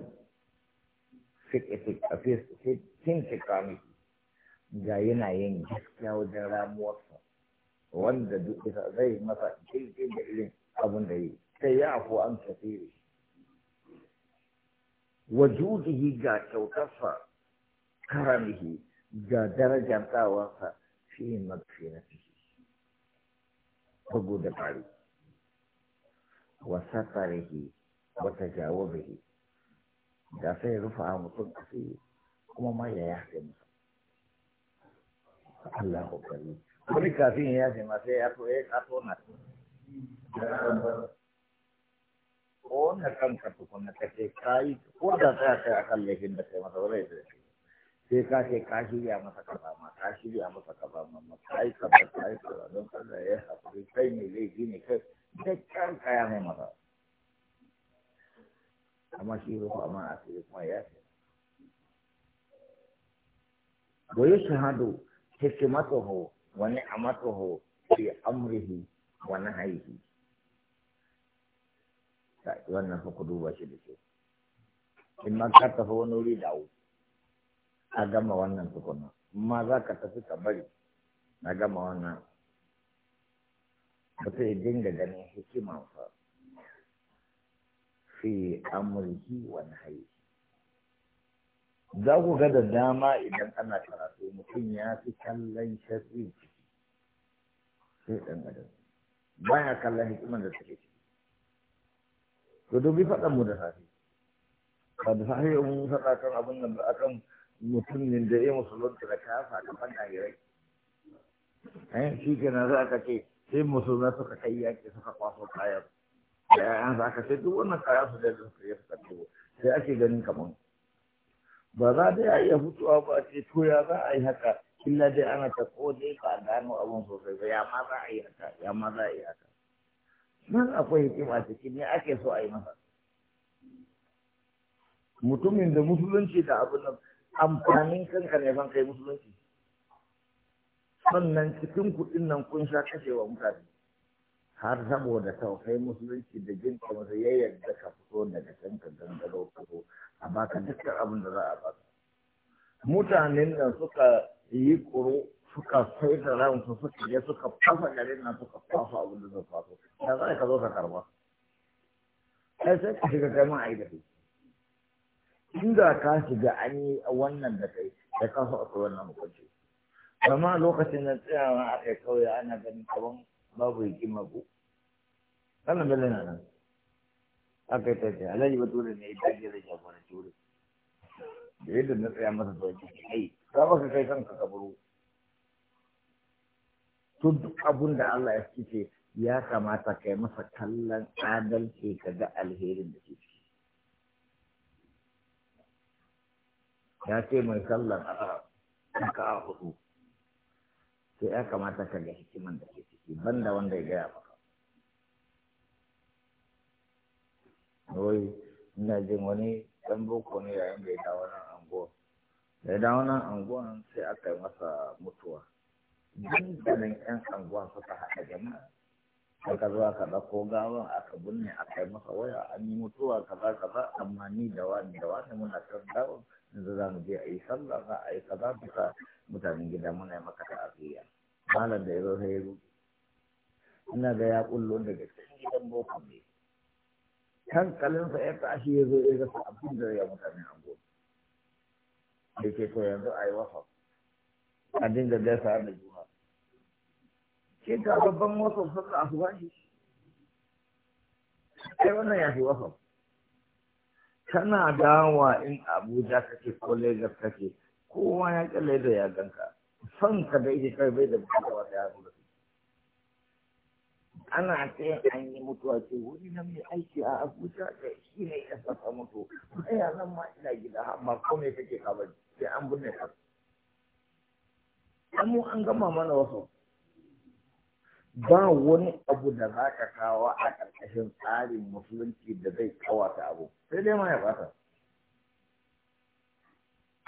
fin tikami ga yana yin gaskiya wajen ramuwarsa wanda duk isa zai masa daidai da irin abin da yi sai ya afuwa an kafiri وجوده جا كوكفا كرمه جا درجة تاوانسا في مغفرته وجود قريب وسفره وتجاوبه da sai rufa mutum a kuma ma ya yafe musu Allah kokari wani kafin ya yafe ma sai ya to ya kona kanka tukuna ka ce ka yi ko da kai akan laifin da kai masa ba zai zai sai ka ce ka shirya masa kaza ma ka shirya masa kaza ma ma ka yi ne laifi ne kai a sai kuma ya ce wa yashhadu hikmatuhu wa amrihi wa haihi wannan fa ku duba shi da shi in ma ka tafi wani wuri da a gama wannan tukuna ma za ka tafi ka bari na gama wannan mutum ya dinga ganin fa fi amurki wani hayi za ku ga da dama idan ana karatu mutum ya fi kallon ciki sai dan adam baya kallon hikiman da take ciki to bi faɗan mu da safe ba da safe mun faɗa kan abin nan ba akan mutumin da ya musulun da kasa gaban ɗagirai eh shi kenan za ka ce sai musulmai suka kai yaƙi suka kwaso kayan da an za ka ce duk wannan kayan su da su ya suka tuwo sai ake ganin kaman ba za da ya iya fitowa ba ce to ya za a yi haka illa dai ana ta ko dai ka gano abin sosai ba ya ma za a yi haka ya ma za a yi haka nan akwai hikima ciki ne ake so a yi masa mutumin da musulunci da abin nan amfanin kanka ne ban kai musulunci sannan cikin kuɗin nan kun sha kashewa mutane har saboda tausai musulunci da jin kamar ya yarda ka fito daga kanka don gangaro fito a baka dukkan abin da za a baka mutanen nan suka yi ƙuru. suka sai da ran su suka je suka fasa garin nan suka fasa abin da suka faso Ya za ka zo ka karba sai sai ka shiga kai mun a yi da kai inda ka shiga an yi wannan da kai da ka so akwai wannan hukunci amma lokacin da tsayawa a kai kauye ana ganin kaman babu hikima ko wannan bala na nan ta ce tafiya alhaji tura ne ya dage da fara wurin da yadda na tsaya masa sauki ai ka baka kai kanka kaburu to duk abun da Allah ya ce ya kamata kai masa kallon adalci ka ga alherin da ke ciki ya ce mai sallan azhar ka a hudu sai ya kamata ka ga hikiman da ke ciki banda wanda ya gaya maka Noi, ina jin wani ɗan boko ne yayin da ya dawo nan anguwa da ya dawo nan anguwan sai aka yi masa mutuwa dandanin yan anguwa suka haɗa jama'a aka zuwa ka ɗauko gawan aka binne aka yi masa waya an yi mutuwa kaza kaza amma ni da wani da wani muna kan gawan yanzu za mu je a yi sallah za a yi kaza bisa mutanen gida muna yi maka ta'aziyya malam da ya zo sai ina ga ya kullo daga cikin gidan boko ne hankalinsa ya tashi ya zo ya rasa abin da ya mutane an gobe da ke to yanzu a yi wasa a dinga a da juna shi ga babban wasan a asuba shi ai wannan ya fi wasan kana dawa in abuja kake ko lagos kake kowa ya kalle da ya ganka son ka da ike kai bai da bukata wata ya zuba ana ce an yi mutuwa ce wuri na mai aiki a abuja da shi ne ya saka mutu ai ya zan ma ina gida amma ko me kake kawai sai an bunne ka an gama mana wasu ba wani abu da za ka kawo a ƙarƙashin tsarin musulunci da zai kawata abu sai dai ma ya fata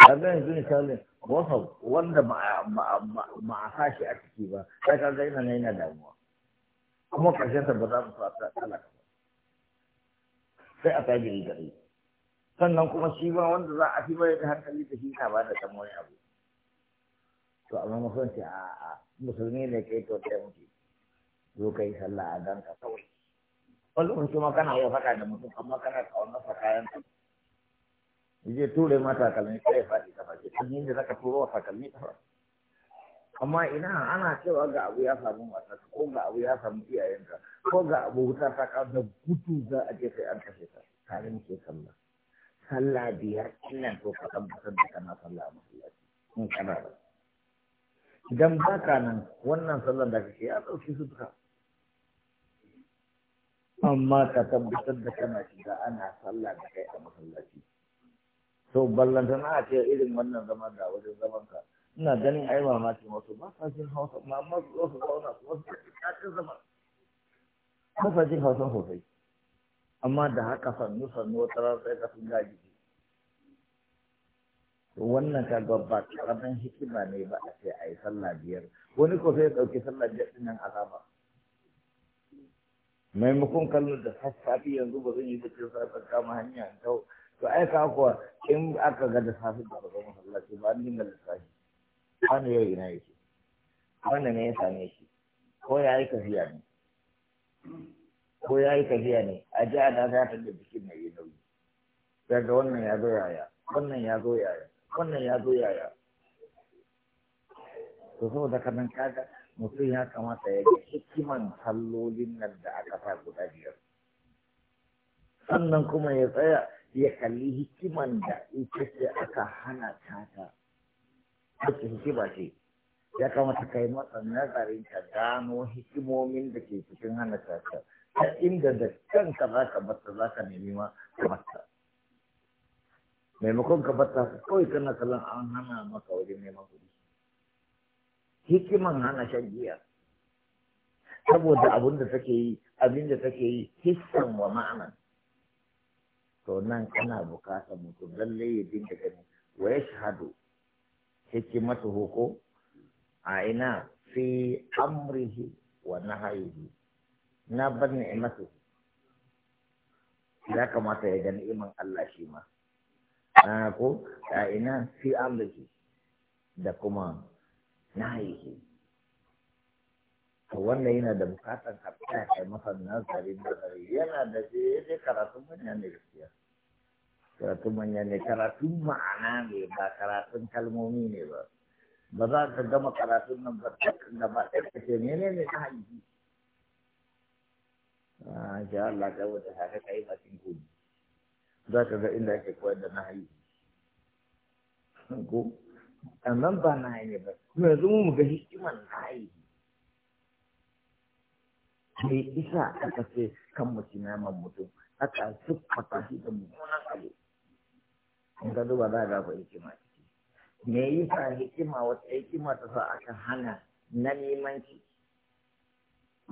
zai zai misalin wasa wanda ba a sashi a ciki ba sai ka yana na yana damuwa kuma ƙarshen ta ba za mu fata talaka ba sai a da gari sannan kuma shi ba wanda za a fi mai da hankali da shi ta ba da ɗan wani abu to amma musulunci a musulmi ne kai to ɗaya mutu zo ka yi sallah a ganka kawai kullum kuma kana iya faka da mutum amma kana kawo masa kayan ka je ture mata kalmi sai faɗi ta faɗi kan yadda zaka turo wa kalmi ta amma ina ana cewa ga abu ya samu matarka ko ga abu ya samu iyayenka ko ga abu wuta ta kawo da gudu za a je kai an kashe ta. tare muke sallah sallah biyar nan to ka tabbatar da kana sallah a masallaci in kana da idan ba ka nan wannan sallar da kake ya ɗauki sutura amma ka tabbatar da kana shiga ana sallah da kai a masallaci to ballanta na ce irin wannan zaman da wajen zaman ka ina ganin ai mamaki wasu ba sa jin hausa ma amma su zo su zauna su wasu cikin zaman ba sa jin hausa sosai amma da haka sannu sannu wata ran sai ka sun gaji wannan ka ba karamin hikima ne ba a ce a yi sallah biyar wani ko sai ya ɗauki sallah biyar ɗin nan azaba maimakon kallon da safi yanzu ba zan yi da cikin sassafe kama hanya in tau to ai ka kuwa in aka ga da safi da ba zama masallaci ba an dinga lissafi wani yau ina yake wannan ne ya same shi ko ya yi tafiya ne ko ya yi tafiya ne a ji a dada ta da bikin na yi nauyi daga wannan ya zo yaya wannan ya zo yaya wannan ya zo yaya to saboda kanan kaga mutum ya kamata ya ga hikiman kallolin nan da aka sa guda biyar sannan kuma ya tsaya ya kalli hikiman da ita ce aka hana ta ta ake hikima ce ya kamata kai masa nazarin ka gano hikimomin da ke cikin hana ta ta inda da kanka za ka bata za ka nemi ma ka bata maimakon ka bata kawai kana kallon an hana maka wajen neman kuɗi hikiman hana shan giya saboda abin da take yi abin da take yi hissan wa ma'anan to nan kana bukatar mutum lalle ya dinga gani wa ya shahadu hikimatu hoko a ina fi amrihi wa nahayihi na bar ni'imatu ya kamata ya gani iman Allah shi ma ko a ina fi amrihi da kuma Na nahihi to wannan yana da bukatan ka tsaya kai masa nazari nazari yana da je karatun manya ne gaskiya karatun manya ne karatun ma'ana ne ba karatun kalmomi ne ba ba za ka gama karatun nan ba da ba ɗaya ka ce mene ne na haji a ah, ji Allah ka wuce haka kai bakin kogi za ka ga inda ake koyar da na haji ko sannan ba na yi ba kuma yanzu mu ga hikiman na yi sai isa aka ce kan mutum naman mutum aka siffata shi da mummunan abu in ka duba za a akwai hikima ciki me sa hikima wata hikima ta sa aka hana na nemanci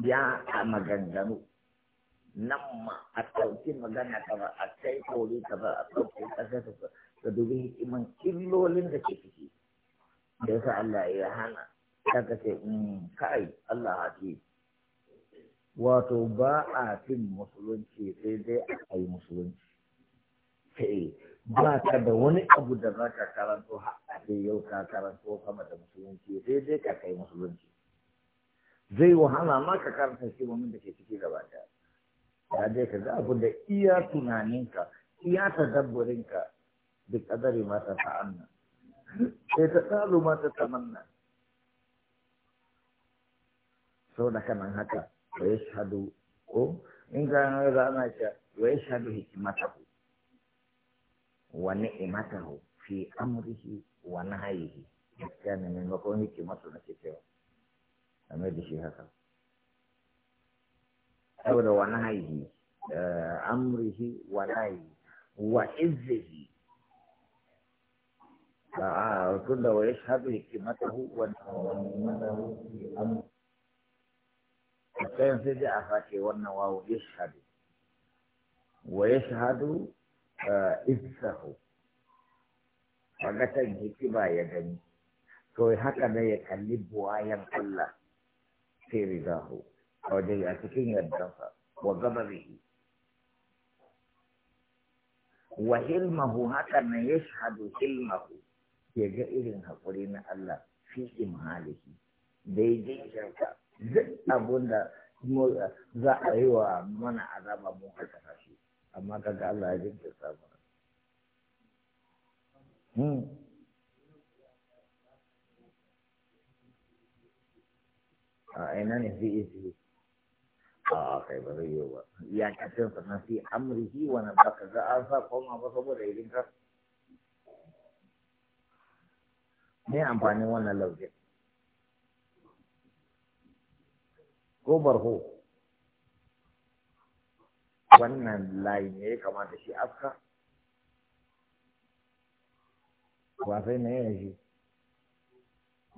ya a maganganu nan ma a ɗauki magana ta ba a kai kori ta ba a ɗauki ƙasa ta ba ta dubi hikiman illolin da ke ciki da yasa Allah ya hana daga ce mm, kai Allah haƙi wato ba a fin musulunci sai dai a yi musulunci sai eh, ba ka da wani abu da za ka karanto har sai yau ka karanto kama da musulunci sai dai ka kai musulunci zai wahala ma ka karanta shi wani da ke ciki gaba ta ya dai ka ga abu da iya tunaninka iya tadabburinka duk kadari mata ta'anna sai ta tsaro ma ta tamanna sau da kanan haka wa ya shahadu ko oh, in ka rana ta wa ya shahadu hikimatahu wa ni'imatahu fi amrihi wa nahyihi gaskiya ne maimakon hikimatu na ke cewa a mai da shi haka saboda wa nahyihi eh, amrihi wa nahyihi wa izzihi ويشهد حكمته ونعمته في أمره كان سيدي أفاكي والنواو يشهد ويشهد إبسه آه، فقطن هكما يدني كوي هكذا في رضاه أو جاي أتكين وغضبه وحلمه يشهد حلمه ya ga irin haƙuri na Allah fi imhalihi daidai jinka duk abun da za a yi wa mana azaba mun karkata shi amma kaga Allah ya jinkirta mana hmm. a ina ne zai isi a kai ba zai yi ba ya kacin sannan wani baka za a sa koma ba saboda irin ne amfanin wannan lauje ko barho wannan layi ne ya kamata shi afka ba sai na yin shi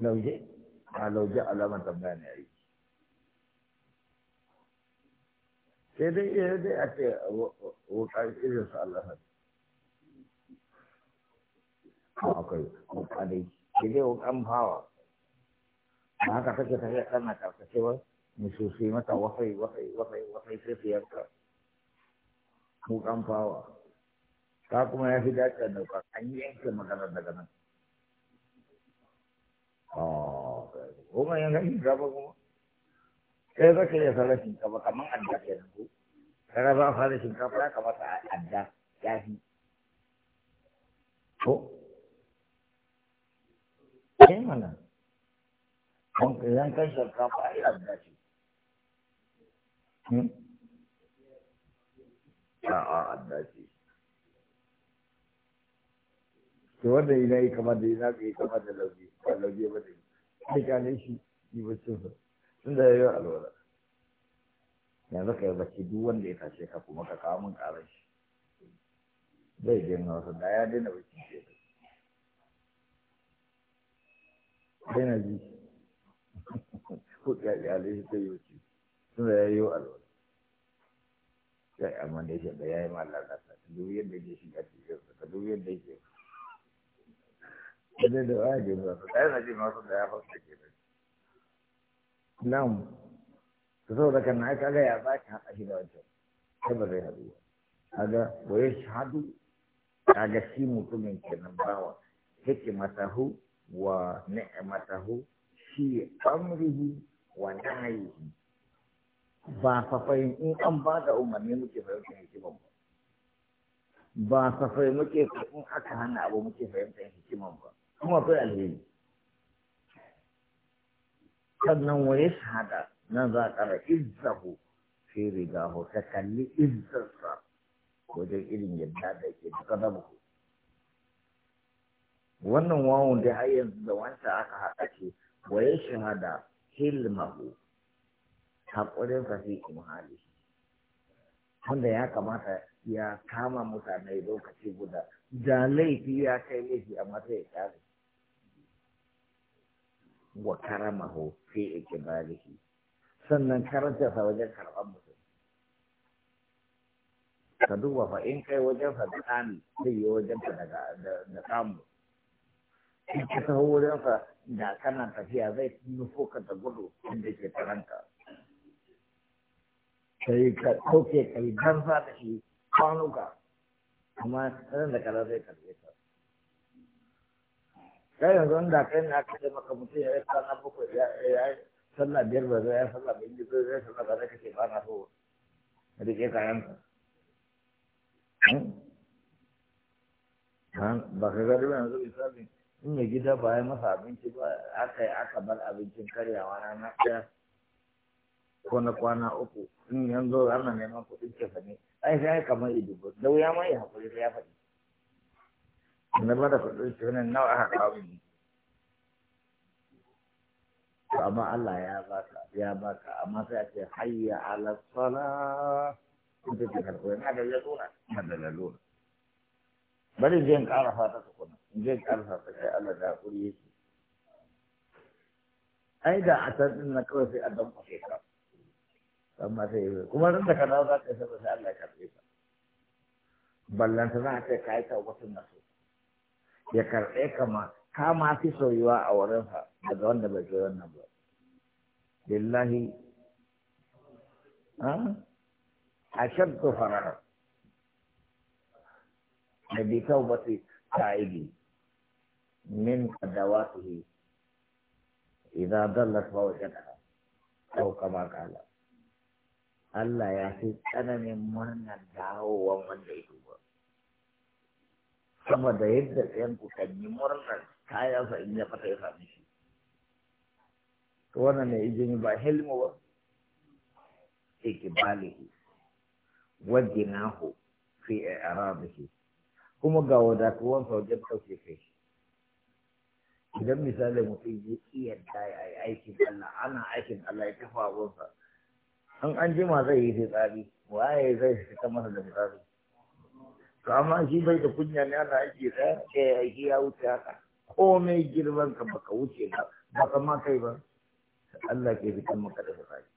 lauje a lauje alamar tambaya ne yi sai dai iya eh, dai a ce wukar irin su Allah akwai wukar dai ki zai wukan hawa ba haka take tafiya tana karkashewa mai sosai mata wasai wasai wasai wasai sai su yanka kan fawa ta kuma ya fi dace da wukan an yanke maganar daga nan kuma yanka yi gaba kuma kai za ka iya sarar shinkafa kamar adda ke nan ko sarar ba fara shinkafa ya kamata adda ya fi kai mana yankan shinkafa a yi abdashi a'a abdashi to wannan ina yi kamar da ina yi kamar da lauje ba lauje ba ne sai kane shi yi bacci su tun da yayi alwala yanzu yi bacci duk wanda ya tashe ka kuma ka kawo min karar shi zai je wasu da ya daina bacci sai yana ji kuɗi a iyalai shi ta yi wuce sun da ya yi wa alwala sai amma da yake da ya yi mallar da ta duk yadda yake shiga cikin sa ta duk yadda yake da da wa ji ba ta yana ji masu da ya fasa ke da nan ta sau da kan aka ga ya za ka haɗa shi da wancan sai ba zai haɗu ba kaga wa ya shahadu kaga shi mutumin kenan bawa hikimatahu wa ni'matahu fi amrihi wa nahyihi ba safai in an ba da umarni muke fahimtar hikiman ba ba safai muke in aka hana abu muke fahimtar hikiman ba kuma akwai alheri sannan wa ya shahada nan za a ƙara izzahu fi rigahu ka kalli izzarsa wajen irin yadda da ke da kadabu wannan wawon da har yanzu da wanta aka haɗa ce wa ya shahada hilmahu haƙurin fafi imhali wanda ya kamata ya kama mutane lokaci guda da laifi ya kai laifi a matsayi tsari wa karamahu fi ikibalihi sannan karanta sa wajen karɓar mutum ka duba fa in kai wajen sa da zai yi wajen ka da samu in ka taho wurinsa da kana tafiya zai nufo ka da gudu inda ke taranka sai ka ɗauke ka yi dansa da shi kwanuka amma ran da kala zai karɓe ka kai yanzu da kai na aka ce maka mutum ya yi kwana bakwai ya yi sallah biyar ba zai yi sallah biyar ba zai sallah ba zai kake hmm? ba na so rike kayan ka ba ka gari ba yanzu misali in ya gida ba ya masa abinci ba aka yi aka bar abincin karyawa na ɗaya ko na kwana uku in yanzu ana neman kuɗin kefa ne ai sai kamar idubu da wuya ma ya haƙuri sai ya faɗi na ba da kuɗin kefa nawa aka kawo ni to amma Allah ya baka ya baka amma sai a ce hayya ala sala kun ta karɓo na da lalura na da lalura bari zai ƙara fata tukuna zai karfa sai Allah da hakuri yake ai da a san din na kawai sai Adam ku sai ka amma sai kuma ran da ka dawo za ka sai sai Allah ya karbe ka ballan ta za ka kai ta wasu nasu ya karbe ka ma ka ma fi soyuwa a wurin sa daga wanda bai soyuwa nan ba lillahi a ah, ashaddu farara da bi tawbati ta'idi من أدواته إذا ضلت فوجدها أو كما قال Allah ya fi tsananin murnar dawowan wanda ya duba. Sama da yadda tsayan ku kan yi murnar kayansa in ya fata ya sami shi. To wannan ne izini ba hilmu ba. Ikibalihi. Wajinahu fi arabihi. Kuma ga wadatuwan saujen ɗauke kai shi. idan misali mutum ya iya da ya yi aikin Allah ana aikin Allah ya tafi abunsa an an jima zai yi tsari waye zai fita masa da tsari to amma shi bai da kunya ne ana aiki ɗaya ɗaya aiki ya wuce haka komai girman ka baka wuce ba baka ma kai ba Allah ke fitan maka da tsari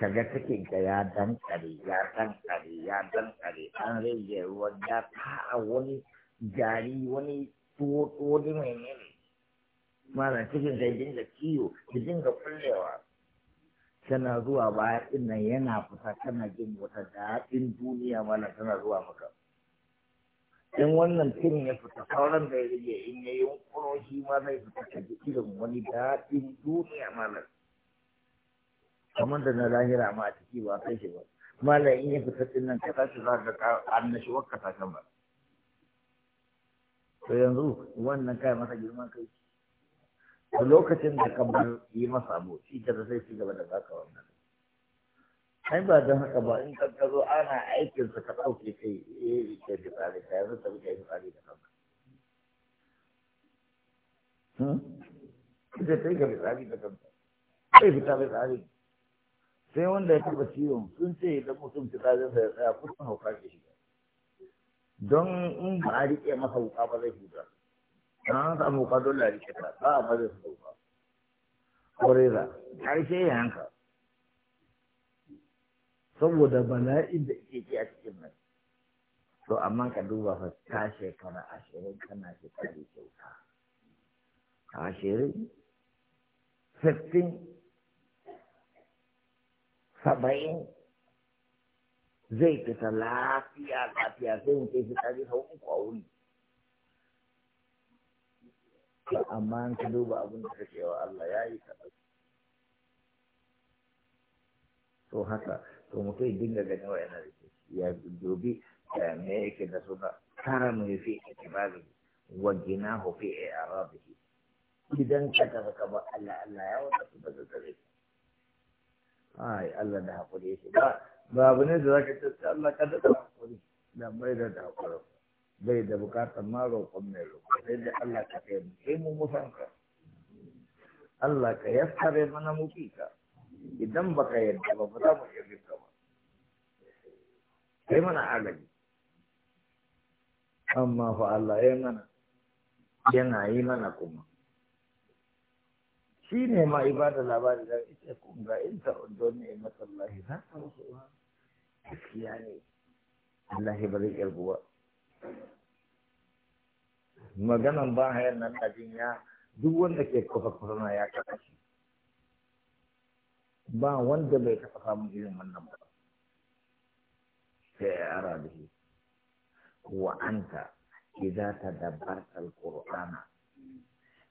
kaga take ga ya kare ya kare ya kare an rage ruwan ya a wani gari wani tuwo tuwo da mai ne mana cikin sai dinga ciwo da dinga kullewa tana zuwa baya din nan yana fita tana jin wata daɗin duniya mana tana zuwa maka in wannan tun ya fita sauran da ya rage in ya yi kuro shi ma zai fita ji wani daɗin duniya mana kamar da na lahira ma a ciki ba kai shi ba mana in ya fita tun nan ka tashi za ka annashuwar wakka ta kan ba to yanzu wannan kai masa girman kai to lokacin da ka bar yi masa abu shi da sai ci gaba da zaka wannan ai ba dan haka ba in ka zo ana aikin sa ka dauke kai eh ke da tsari ka yanzu ka bi tsari da kanka hmm ita ta ga tsari da kanka sai fita da tsari sai wanda ya taba ciwon sun ce idan mutum fita zai ya kusa hauka shi shiga don in ba a riƙe masa wuka ba zai huta na an samu wuka dole a riƙe ta ba a ba zai wuka kore za ƙarshe ya yanka saboda bala'in da ke ke a cikin nan to amma ka duba fa ta shekara ashirin kana shekaru kyauta ashirin sittin saba'in zai fita lafiya lafiya sai mu shi ta tsari sau uku a wuri amma an ka duba abin da kake wa Allah ya yi kaɗan to haka to mutum ya dinga ganin wa yana da ya dubi eh, me yake da suna tara mu fi ikibari wa ginahu fi biki idan ka tafi ka ba Allah Allah ya wata su daga gare ai Allah da hakuri yake ba babu ne da za ka ce Allah ka daɗa hakuri da mai da hakuri bai da bukatar ma roƙon mai roƙo sai da Allah ka kai mu kai mu musanka Allah ka yassare mana muki ka idan ba ka ba ba za mu iya ka ba kai mana agaji amma fa Allah ya mana yana yi mana kuma shi ne ma ibada labari da ita kun ga in ne ni'matallahi za ta rusuha gaskiya ne wallahi ba zai kirgu ba maganan ba hayar nan na ya duk wanda ke kofa kusa na ya kafa shi ba wanda bai taɓa samun irin wannan ba sai ya ara da shi wa anta ta tadabbarta alqur'ana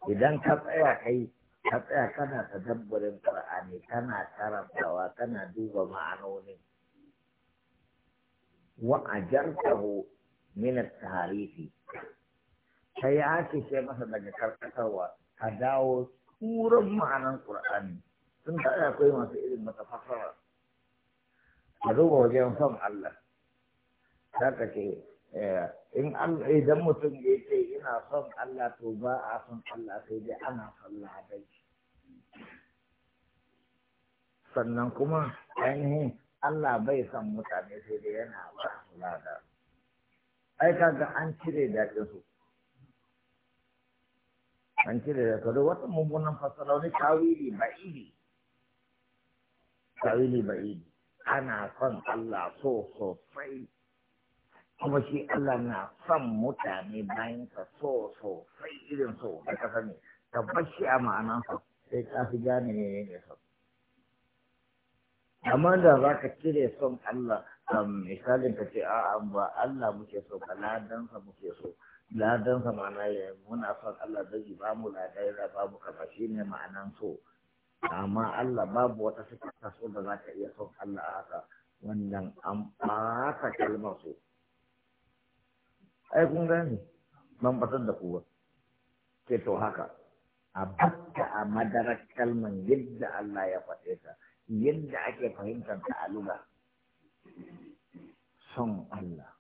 idan ka tsaya kai ka tsaya kana ta tadabburin qur'ani kana karantawa kana duba ma'anonin Wa'ajar ajartahu min at ta sai ce masa daga karkatarwa a dawo turan ma'anan ƙur'ani sun da akwai masu irin mata fasara a zuba wajen son Allah za ka ce in idan mutum ya ce ina son Allah to ba a son Allah sai dai ana son dai sannan kuma ainihin Allah bai son mutane sai dai yana ba su lada ai kaga an cire da su an cire da kado wata mummunan fasala ne tawili ba'idi tawili ba'idi ana son Allah so sosai kuma shi Allah na son mutane bayan sa so sosai irin so da ka sani tabbashi a ma'anansa sai ka fi gane ne ne so amma da za ka cire son Allah misalin ka ce a ba Allah muke so ba ladansa muke so ladansa ma'ana ya muna son Allah zai ba mu ladai da ba mu kafa shi ne ma'anan so amma Allah babu wata suka so da za ka iya son Allah a haka wannan an ɓata kalmar so ai kun gane ban da kowa ke to haka a bakka a madarar kalman yadda Allah ya faɗe yadda ake fahimtar ta'aluga son Allah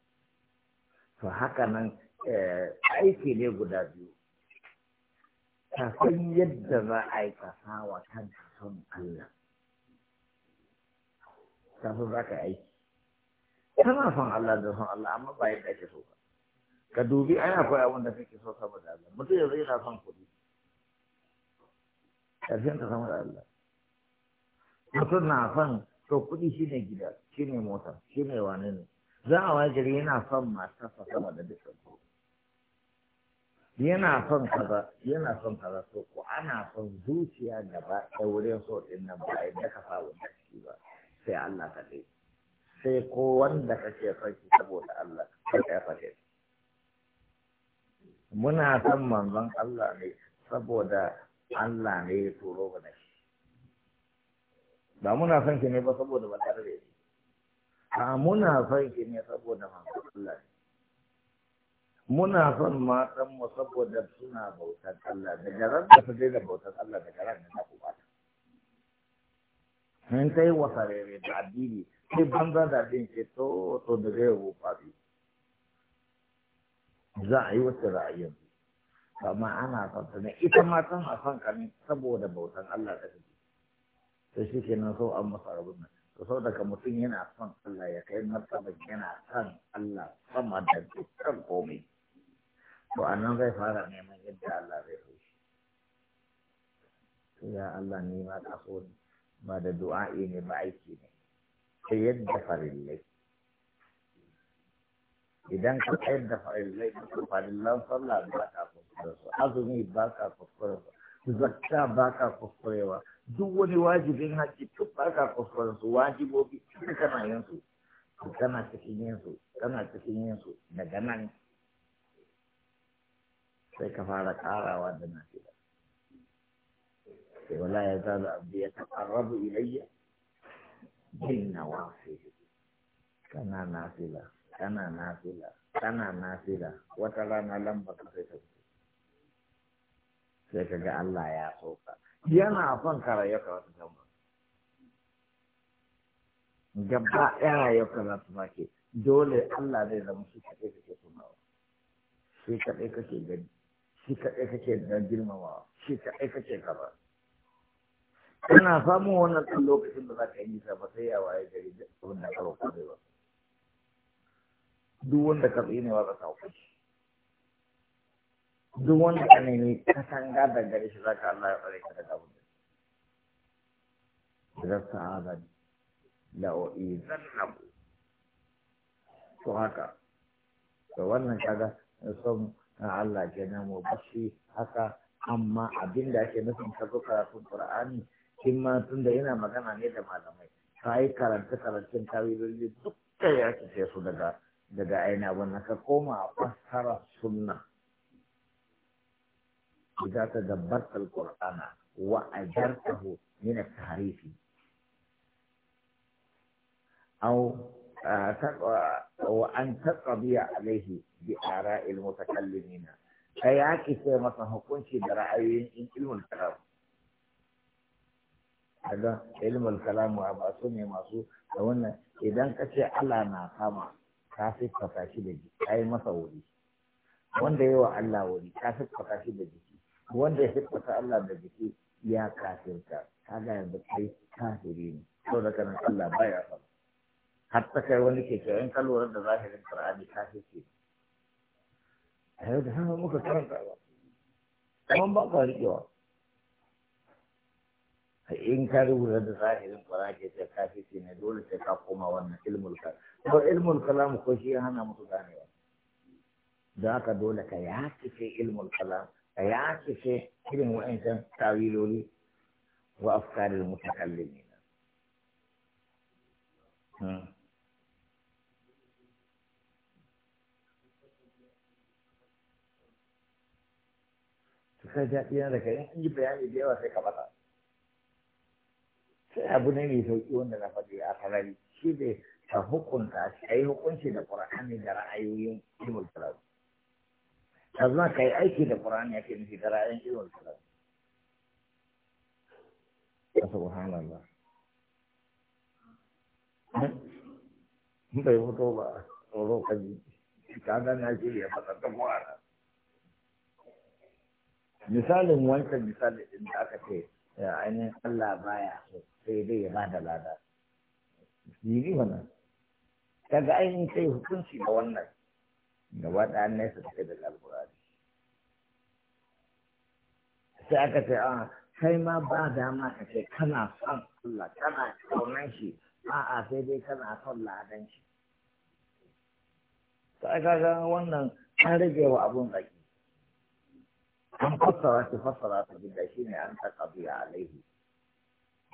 to haka nan eh, aiki ne guda biyu ta san yadda za a yi kasawa kan son Allah kafin za ka aiki kana son Allah da son Allah amma ba yadda ake so ba ka dubi ai koya abin da kake so saboda Allah mutum yanzu yana son kuɗi ƙarshen ta saboda Allah mutum na son to kuɗi shi ne gida shi ne mota shi ne wane ne za a wajiri yana son matarsa sama da dukkan yana son kaza yana son kaza so ko ana son zuciya gaba ɗaya wurin so ɗin nan ba yadda ka samu da ciki ba sai Allah ka dai sai ko wanda kake son shi saboda Allah ka ya fashe muna son manzon Allah ne saboda Allah ne ya turo mana ba muna son ki ne ba saboda ba tare da shi a muna son ki ne saboda manzon Allah ne muna son matan mu saboda suna bautar Allah Da garan da su daina bautar Allah da garan da ta kuma ta yi kai wasarere da addini sai banza da din ke to to da zai yi fafi za a yi wasu ra'ayin amma ana son ta ne ita matan a son ka ne saboda bautan Allah da take to shi ke nan so an masa abin nan to sau daga mutum yana son Allah ya kai martaba yana son Allah sama da dukkan komai to a nan zai fara neman yadda Allah zai so shi to ya Allah ne ma ka so ba da du'a'i ne ba aiki ne ta yadda farillai idan ka tsayar da farillai farillan sallah ba ka kuskure su azumi ba ka kuskure su zakka ba ka kuskurewa duk wani wajibin haƙƙi tun ba ka kuskuren su wajibobi duka kana yin su kana cikin yin kana cikin yin daga nan sai ka fara ƙarawa da nafila sai wala ya da abu ya taqarrabu ilayya bin kana nafila kana nafila kana nafila wata rana lamba ka sai ka sai ka ga Allah ya sauka. yana son ka rayu ka wata gaba gaba yana rayuwar ka za ta sake dole Allah zai zama shi kaɗai kake tunawa shi kaɗai kake gani shi kaɗai kake da girmamawa shi kaɗai kake gaba Ina samun wannan ɗan lokacin da za ka yi nisa ba sai ya waye gari da wanda ka roƙa zai ba duk wanda ka tsine ba za ka hauka shi duk wanda ka nemi da gare shi za ka Allah ya tsare ka daga abin idan sahaba la o izannabu to haka to wannan kaga son Allah nan mu bashi haka amma abin da ake nufin ka zo karatun Kur'ani, kin ma da yana magana ne da malamai Ka yi karanta karatun duk yi ya ce su daga daga aina wannan ka koma a fassara sunna za ta dabbar alkur'ana wa a jartahu min at-tahrifi aw wa an alayhi bi ara'il mutakallimin kai ya ki sai masa hukunci da ra'ayoyin in ilmul kalam masu da idan ka ce Allah na kama ka fi fasashi da jiki kai masa wuri wanda yawa Allah wuri ka fi fasashi da jiki wanda ya siffata Allah da jiki ya kafirta kaga yanzu kai kafiri ne da kanan Allah baya son har ta kai wani ke ka lura da zahirin Qur'ani ce a yau da sanar muka karanta ba kuma ba ka riƙewa in ka rubuta da zahirin Qur'ani ke ce ne dole sai ka koma wannan ilmul kalam ko ilmul kalam ko shi hana musu ganewa da haka dole ka yaki sai ilmul kalam a ya ce irin wa'ancan tawiloli wa afkarin mutakallimin hmm. Tukar daɗi yana daga yin yi bayani da yawa sai ka bata sai abu ne mai sauƙi wanda na faɗi a sarari shi ne ta hukunta shi a yi hukunci da ƙura'ani da ra'ayoyin ka ka yi aiki da ƙur'ani ake nufi da ra'ayin irin kaza ka subhanallah bai hoto ba tsoro ka ji ka gana shi ya faɗa ta ƙwara misalin wancan misalin ɗin da aka ce ainihin Allah baya so sai dai ya ba da lada. Yi mana, daga ainihin sai hukunci da wannan gaba ne nesa take da alƙur'ani sai aka ce a ah, kai ma ba dama ka ce kana son Allah kana kaunan shi a'a sai dai kana son ladan shi sai ga wannan an rage wa abun zaki an fassara shi fassara ta gida shi ne an taƙabi a alaihi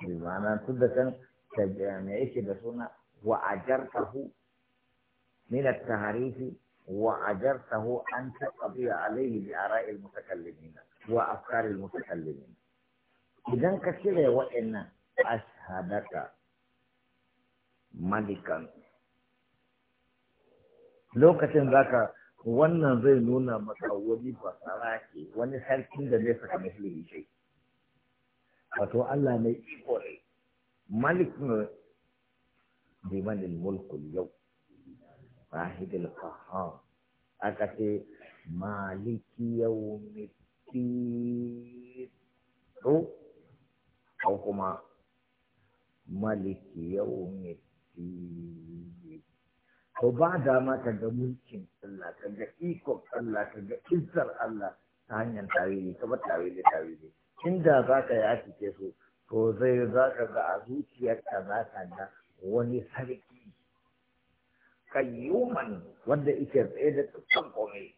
bi ma'ana tun da can me yake da suna wa'ajar ajartahu min at-tahrifi Wa a jarta ko an tabbatar da alayyibi a Rael Musa wa Afkar al-Musa Idan ka shirya waɗannan. A shahada, Malik Lokacin zaka wannan zai nuna maka wani basara wani sarkin da zai saka mai hira mai kai. Allah ne iko ne. Malik kun yi ma yau. wahidul qahhar aka ce maliki yawmiddin ko ko kuma maliki yawmiddin ko ba dama ka ga mulkin Allah ka ga ikon Allah ka ga izzar Allah ta hanyar tawili ta bar tawili tawili inda za ka yi ake su to zai za ka ga a zuciyarka za ka wani sarki kayyuman wanda yake tsaye da dukkan komai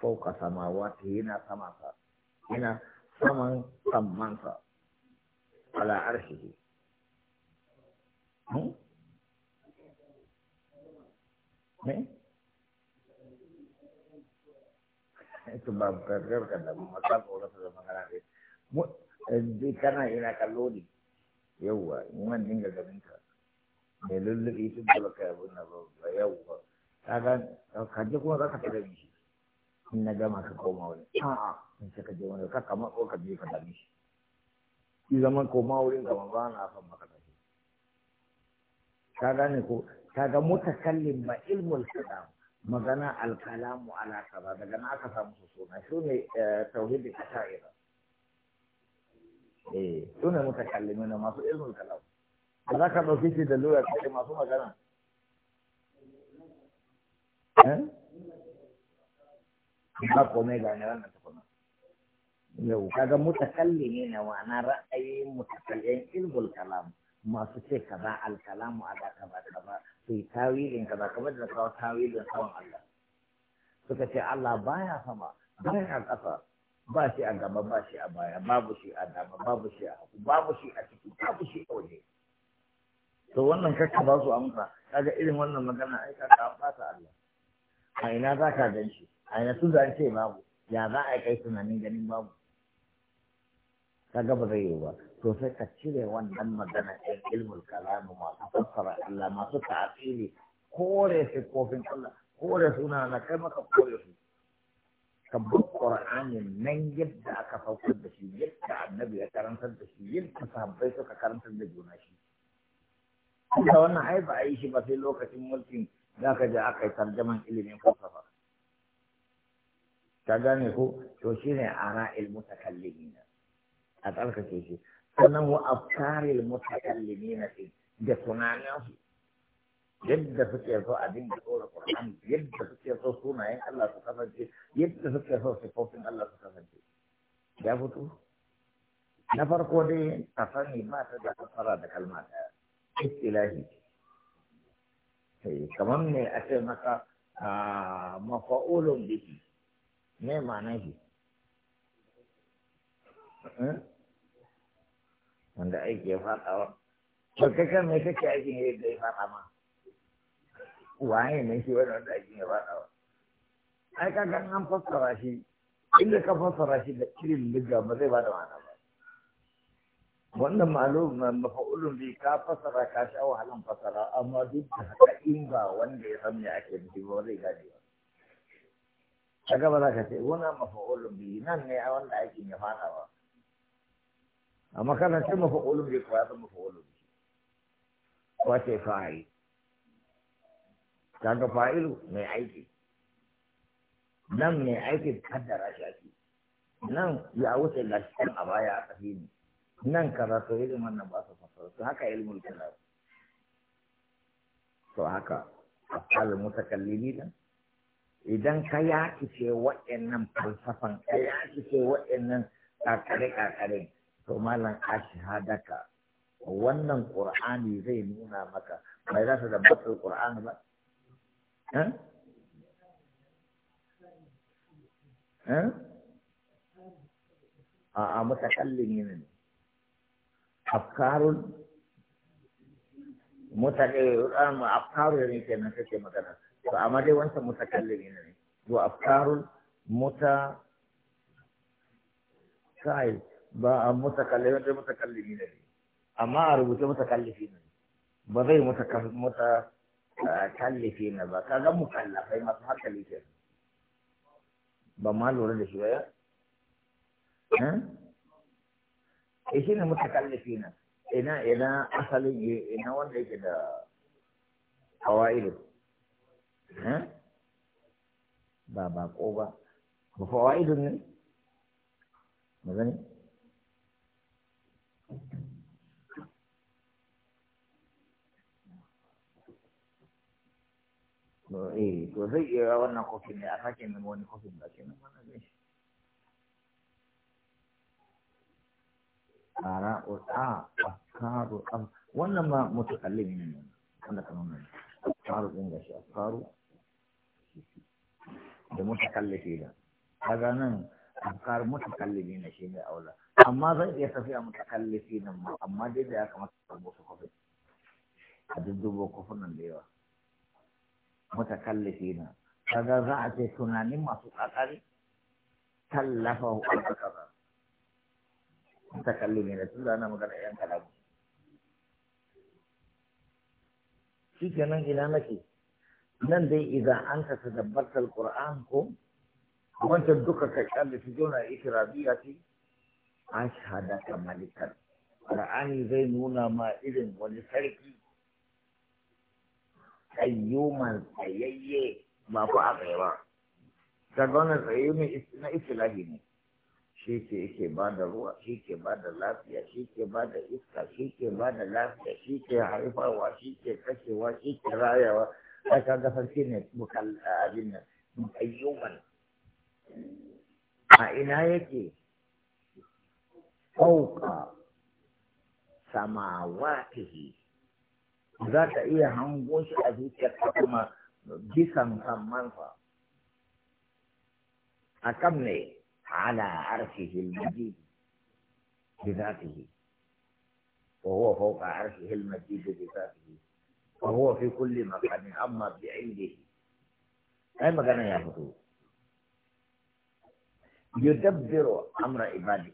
fauka samawati yana sama sa yana saman sammansa ala arshi ne hmm? itu ba karkar da ko rasa da magana ne mu eh, kana ina kallo ne in ka mai lullubi tun da baka yabo na ba yau ba ka ga ka je kuma za ka tare da in na gama ka koma wani a'a in sai ka je wani ka kama ko ka je ka dame mishi shi zaman koma wurin ka ba na son maka tafi ka gane ko ka ga mutakallim ba ilmul kalam magana alkalamu ala kaza daga na aka samu su suna shi ne eh, tauhidin ta'ira eh sunan mutakallimin mutakallimina masu ilmul kalam ba za ka ɗauki shi da lura kai masu magana eh? ba komai ga ne wannan tukuna yau kaga mutakalli ne na na ra'ayi mutakallin ilmul kalam masu ce za alkalamu ba kaza ba su yi tawilin kaza kamar da kawo tawilin saman Allah suka ce Allah baya sama baya ƙasa ba shi a gaba ba shi a baya babu shi a dama babu shi a hagu babu shi a ciki babu shi a waje to wannan kakka ba su amsa kaga irin wannan magana ai ka ka fata Allah a ina za ka gan shi a ina su za ce babu ya za a kai tunanin ganin babu kaga ba zai yi ba to sai ka cire wannan magana ɗin ilmul kalamu masu fassara Allah masu ta'asiri kore shi kofin Allah kore suna na kai maka kore su ka bar Qur'ani nan yadda aka saukar da shi yadda annabi ya karantar da shi yadda sahabbai suka karantar da juna shi da wannan ai ba a yi shi ba sai lokacin mulkin za ka je aka yi tarjaman ilimin falsafa Ta gane ko to shi ne ara'il mutakallimina a tsarkake shi sannan wa afkaril mutakallimina din da su, yadda suke so a dinga tsora Qur'an yadda suke so sunayen Allah su kasance yadda suke so sifofin Allah su kasance ya fito na farko dai a sani ba ta da fasara da kalma ɗaya istilahi sai kamar ne a ce maka mafa'ulun biki me ma'ana shi eh? wanda aiki ya faɗawa Bakaka mai kake aikin yadda ya faɗa ma. Waye ne shi wani wanda aikin ya faɗa wa. Ai kaga an fassara shi inda ka fassara shi da irin liga ba zai bada ma'ana ba. wannan malum mafa'ulun bi ka fasara ka sha wahalan fasara amma duk da haka in ba wanda ya san me ake nufi ba zai gane ba kaga gaba za ka ce wani mafa'ulun bi nan ne a wanda aikin ya fara ba amma makarantar mafa'ulun bi ko ya san mafa'ulun bi ko ce fa'il ga fa'ilu mai aiki nan mai aiki kaddara shi ake nan ya wuce gashi a baya a tafi ne nan karatu ilimin irin wannan ba su fasara to haka ilmul kalam to haka al mutakallimin idan ka yaki ce wa'annan falsafan ka yaki ce wa'annan kakare kakare to malam ashhadaka wannan qur'ani zai nuna maka bai za ta da batul qur'ani ba eh eh a a mutakallimi ne afkarun mutane mu um, afkarun ne kenan kake magana to amma dai wancan mutakallimi ne to afkarun muta kai ba a mutakallimi dai mutakallimi ne amma a rubuce mutakallifi ne ba zai mutakallifi eh, ne ba kaga mukallafai masu hankali kenan ba ma lura da shi ba ya? Eh? Eh, shi ne mutakallafi na ina ina asalin ina wanda yake da fawaidu eh? ba ba ko ba ba fawaidu ne magani eh to zai iya wannan kofin ne a sake mai wani kofin ba ke nan wannan zai ara a afkaru am wannan ma mutakallimi ne wannan kamar nan afkaru din da shi afkaru da mutakallifi da kaga nan afkaru mutakallifi ne shi ne aula amma zan iya tafiya mutakallifi nan ma amma dai da ya kamata ka rubuta kofi a dubo kofin nan da yawa mutakallifi na kaga za a ce tunanin masu tsakari tallafa hukumar kaza takallumi ne tun da ana magana yan kalamu shi kenan ina nake nan dai idan an ka tadabbarta quran ko wancan duka ka kalli su jona ikirabiya ce an shahada ka malikar qur'ani zai nuna ma irin wani sarki kayyuman tsayayye ba ku a tsaye ba ga wannan tsaye na Islahi ne shi ke yake ba da ruwa shi ke ba da lafiya shi ke ba da iska shi ke ba da lafiya shi ke haifarwa shi ke kashewa shi ke rayawa ai ka ga sarki ne abin nan ayyukan a ina yake fauka samawatihi za ka iya hango shi a zuciyarka kuma bisan sammansa a kam ne على عرشه المجيد بذاته وهو فوق عرشه المجيد بذاته وهو في كل مكان اما بعلمه اي مكان ياخذه يدبر امر عباده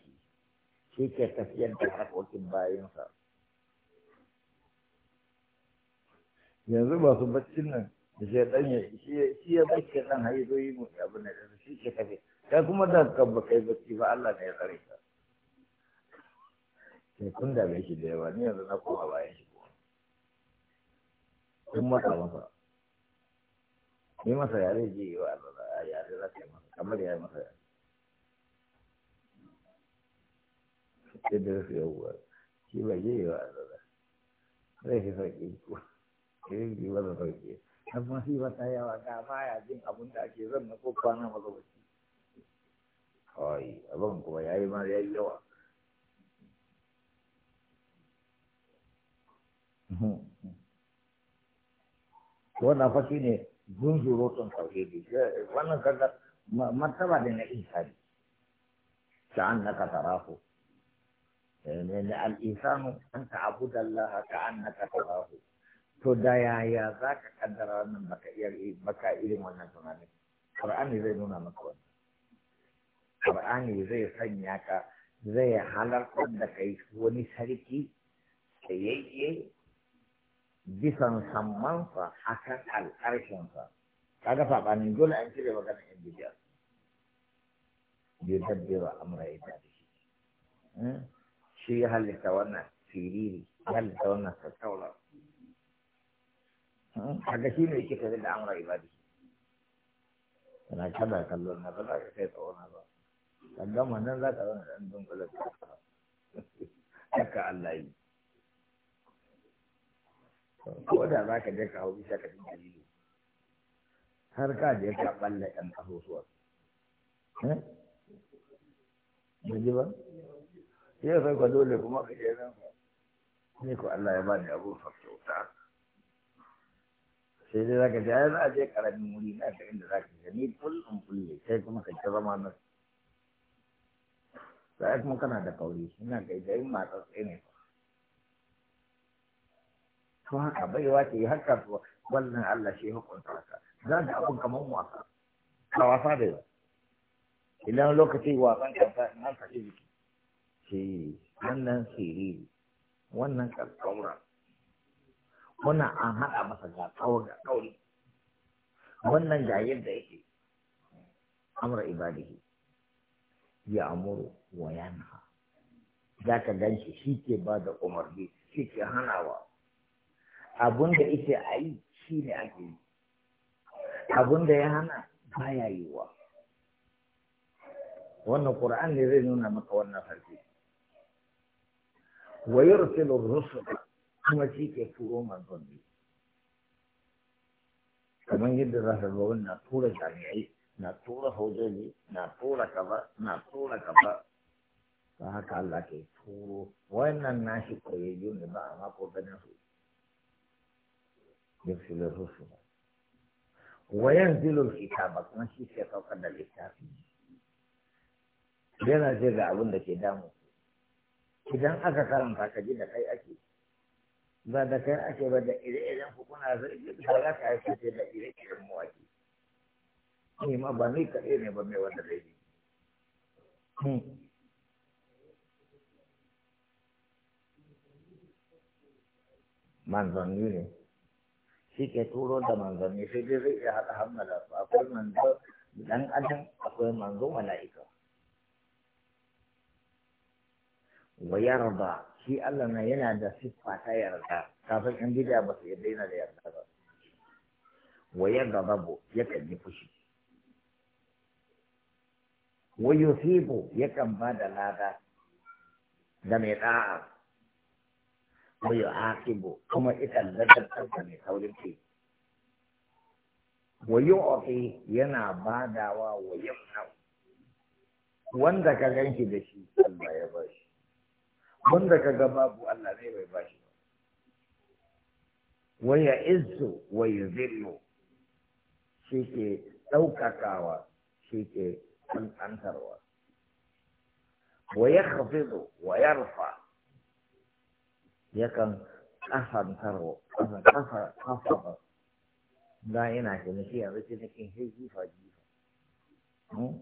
في كتفين تحرك وكبا ينصر yanzu ba su baccin nan da shaidan ya shi ya baccin nan hayi zo yi mu abu ne da shi ke tafi kai kuma da kan ba kai bacci ba Allah ne ya tsare ka sai kun da bai shi da yawa ni yanzu na koma bayan shi ko kun masa masa ni masa yare ji yi wa Allah yare za ka yi masa kamar ya yi masa yare sai da su yawuwa shi ba ji yi wa Allah zai fi sauƙi ko sai yi masa sauƙi amma shi ba ta yawa da baya jin abin da ake zan na ko kwana masa bacci kai abin kuma ya yi ma ya yi yawa wannan fa shi ne zunzurutun tauhidi wannan kaga martaba eh, da na isani كأنك تراه لأن الإنسان أن تعبد الله كأنك تراه تدايا يا ذاك قدر من بكا إلي من القرآن إذا نونا مكوان Qur'ani zai sanya ka zai halartar da kai wani sarki tsayayye bisan sammansa a kan al'arshinsa. Kaga saɓanin dole an cire maganar yan bidiyar. Bai dabbira amra ya tafi shi. Hmm? Shi ya halitta wannan siriri, ya halitta wannan tattaular. Hmm? Kaga shi ne kika tafi da amra ibadi. Kana kada kallon na ba za ka kai tsawon ba. ka gama nan za ka zama ɗan dunkulan haka Allah yi ko da za ka je ka hau bisa ka cikin jirgin, har ka je ka ɓalla ɗan ƙasusuwa eh? ba ji ba sai ya ka dole kuma ka je nan ne ko Allah ya bani abu fa kyauta sai dai za ka je yi za a je ƙaramin wuri na ka inda za ka je ni kullum kullum sai kuma ka ci zama nan sai kuma kana da kauri ina ga idan tsaye ne to haka baiwa ce haka to wannan Allah shi hukunta haka za ga abun kamar wasa ka wasa da yau idan lokaci wasan kanka nan ka ce jiki shi wannan siriri wannan kaskaura wannan an haɗa masa ga tsawon ga kauri wannan ga yadda yake amra ibadihi ya amuru wa yanha za ka gan shi shi ke ba da umarni shi ke hanawa abun da ita a yi shi ne ake yi abun da ya hana ba ya yi wa? wannan ƙura'an ne zai nuna maka wannan farfi? wa yursilu rusula kuma shi ke turo manzanni kamar yadda za ka zo wannan tura jami'ai na tura hujjoji na tura kaza na tura kaza ta haka Allah ke turo wannan nashi koyayyu ne ba a mako ganin su yafsilu rusula wa yanzilu kitaba kuma shi ke saukar da littafi yana ce ga abin da ke damu idan aka karanta ka ji da kai ake ba da kai ake ba da ire-iren ku kuna zargi da za ka aiki da ire-iren mu ake ni ma ba ni kaɗai ne ba mai wanda laifi hmm. manzanni ne shi ke turo da manzanni sai dai zai iya haɗa hammala akwai manzo dan adam akwai manzo mala'ika wa yarda shi Allah na yana da siffa ta yarda kafin in bida ba su yarda yana da yarda ba wa yarda babu yakan yi fushi wa yusibu kan ba da lada da mai da'a wa yuhaqibu kuma ita ladar da mai saurin kai wa yu'ti yana badawa wa yamna wanda ka ganki da shi Allah ya shi. wanda ka ga babu Allah ne bai ba ba wa ya'izzu wa yuzillu shi ke ɗaukakawa shi ke kankantarwa wa ya hafizu wa ya rufa yakan kasantarwa kasan kafa kafa da yana ciniki yanzu cinikin sai jifa jifa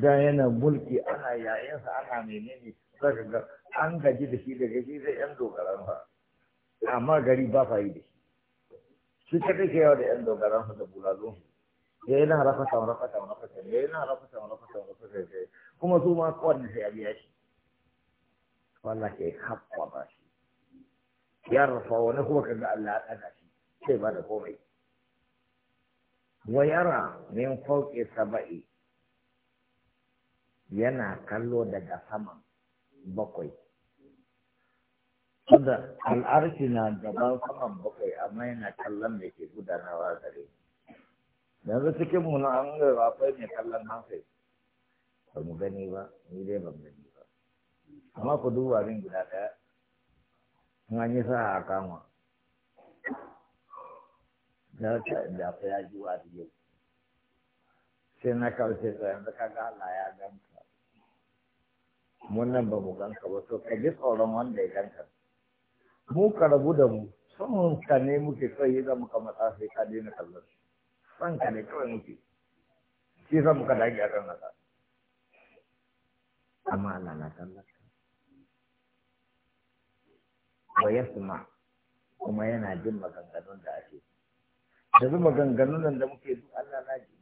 da yana mulki ana yayinsa ana menene zaka ga an gaji da shi daga shi sai yan dogaran amma gari ba fa yi da shi shi ta take yawa da yan dogaran fa da bulalun ya eh, yana rafata rafata rafata ya eh, yana rafata rafata rafata ya kuma su ma kowanne sai ya biya shi wannan ke haɓɓa ba shi ya rafa wani kuma kaga Allah ya ɗaga shi sai ba da komai wa yara min fauke saba'i yana kallo daga saman bakwai Tunda al'arci na gaban saman bakwai amma yana kallon da ke gudanawa gare shi. yanzu cikin mu na an ga akwai mai kallon nan sai ba mu gani ba ni dai ban gani ba amma ku duba min guda ɗaya in an yi sa'a a kama da ta da ku ya ji wa yau sai na kawace tsaye yanzu ka ga Allah ya ganka mun nan ba mu ganka ba to ka ji tsoron wanda ya ganka mu ka rabu da mu sun ka ne muke kai idan muka matsa sai ka daina kallon su ranka ne kawai muke shi sa muka dage akan haka amma Allah na tallata ya suma kuma yana jin maganganun da ake da zuba maganganun da muke duk Allah na ji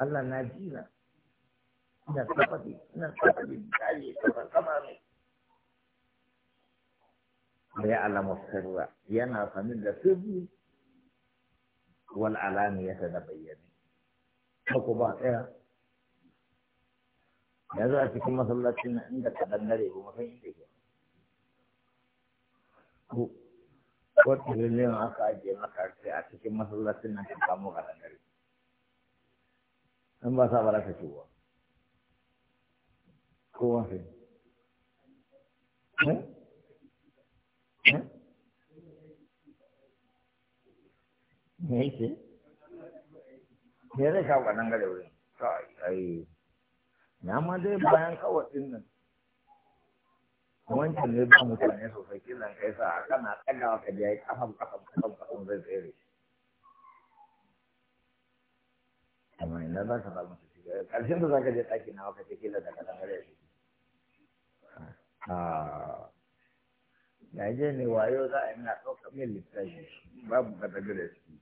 Allah na ji na ina tsafafi ina tsafafi misali kamar kama ne da ya sarwa yana sanin da sirri wal ta da bayyane ku ba tsaya zo a cikin masallacin nan inda ka dangare ba mafi inda ke wata rilin aka ajiye maka ce a cikin masallacin nan ka kamo ka dangare in ba sa ba za ka ci ba kowa sai eh? Eh? me yake me zai kawo nan gare wurin kai ai na ma dai bayan kawai din nan wancan ne ba mutane sosai kilan kai sa kana tsagawa ka je kafan kafan kafan kafan zai tsere amma ina za ka samu su shiga ƙarshen da za ka je ɗaki na waka ce kila da ka dan gare shi ya je ne wayo za a yi na ɗaukar min littafi babu ka da gare shi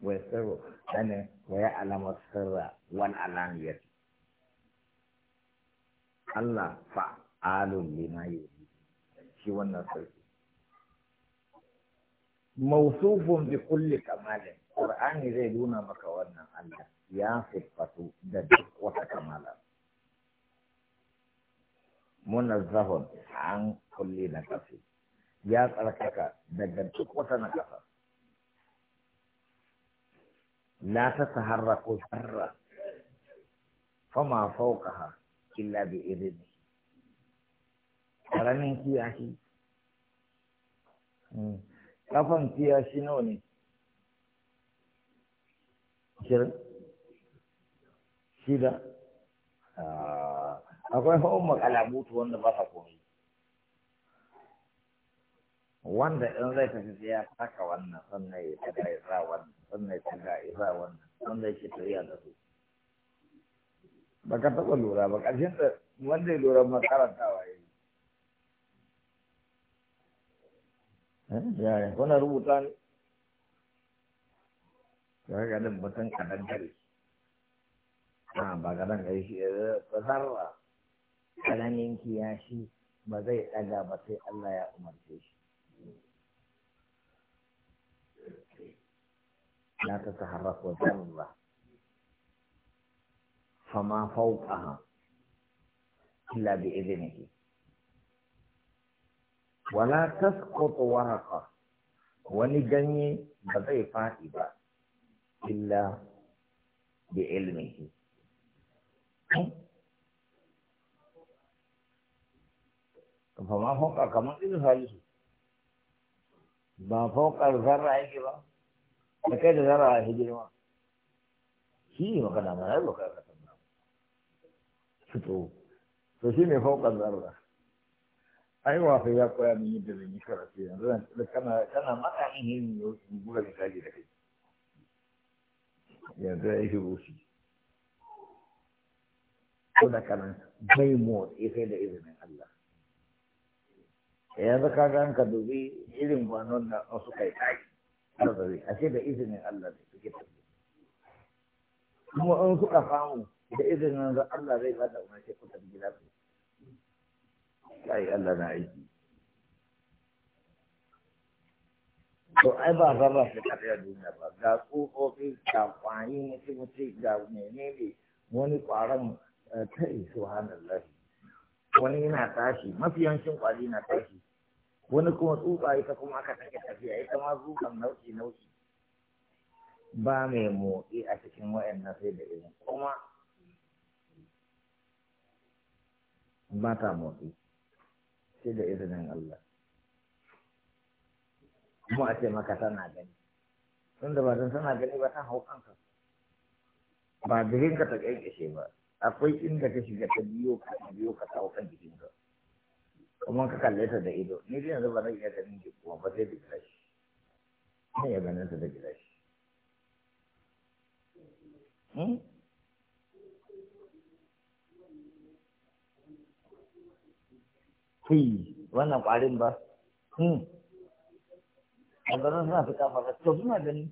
wa sirru sanin wa ya alama sirra wal alaniyar Allah fa'alun lima yuri shi wannan sarki mausufun bi kulli kamalin Qur'ani zai nuna maka wannan Allah ya siffatu da duk wata kamala munazzahun an kulli na kafi ya tsarkaka daga duk wata na kafa لا تتحرك ذرة فما فوقها إلا بإذنه ƙaramin kiyashi kafan kiyashi nawa ne shirin shida akwai fa'on makalabutu wanda ba sa komai wanda in zai tafi sai ya saka wannan sannan ya ta ya sa wannan sannan ya taga ya sa wannan sannan shi tafiya da su baka taɓa lura ba ƙarshen da wanda ya lura makarantawa ya yi yaya eh, kuna rubuta ne ya ga ganin mutum kaɗan gari a ba kaɗan gari shi ya eh, zarra ƙaramin kiyashi ba zai ɗaga ba sai Allah ya umarce shi لا تتحرك وجه الله فما فوقها إلا بإذنه ولا تسقط ورقة ونجني بغي فائدة إلا بعلمه فما فوقها كما إذا ba fokar zarra yake ba da kai da zara a hijirma shi ne magana ma ya zoka ka tamba fito to shi ne faukan zarra ai wa ya koya min yadda zan yi karatu yanzu da kana kana maka min yin yau buga misali da kai yanzu ya shi rushi ko da kana bai motsi sai da izinin Allah yanzu ka ga ka dubi irin gwanon da wasu kai kai nazari a ce da izinin Allah da suke tafi kuma in suka samu da izinin da Allah zai bada wani ce kuka da gida su sai Allah na aiki to ai ba zarra su kariya duniya ba ga tsofaffi ga kwayi mutu mutu ga menene wani kwaron eh, hannun lafi wani yana tashi mafiyancin kwali na tashi wani kuma tsutsa ita kuma aka sake tafiya ita ma tsufan nauki nauki ba mai motsi a cikin na sai da irin kuma ba ta motsi sai da izinin Allah kuma a ce maka tana gani da ba zan tana gani ba ta hau kanka ba jikinka ta ƙyanƙyashe ba akwai inda ka shiga ta biyo ka biyo ka ta hau kan jikinka kuma ka kalle ta da ido ni dai yanzu ba zan iya ganin ki kuma ba sai da gilashi sai ya ganin ta da gilashi hmm? Hi, wannan ƙwarin ba. Hmm. A suna fita kafa to suna gani.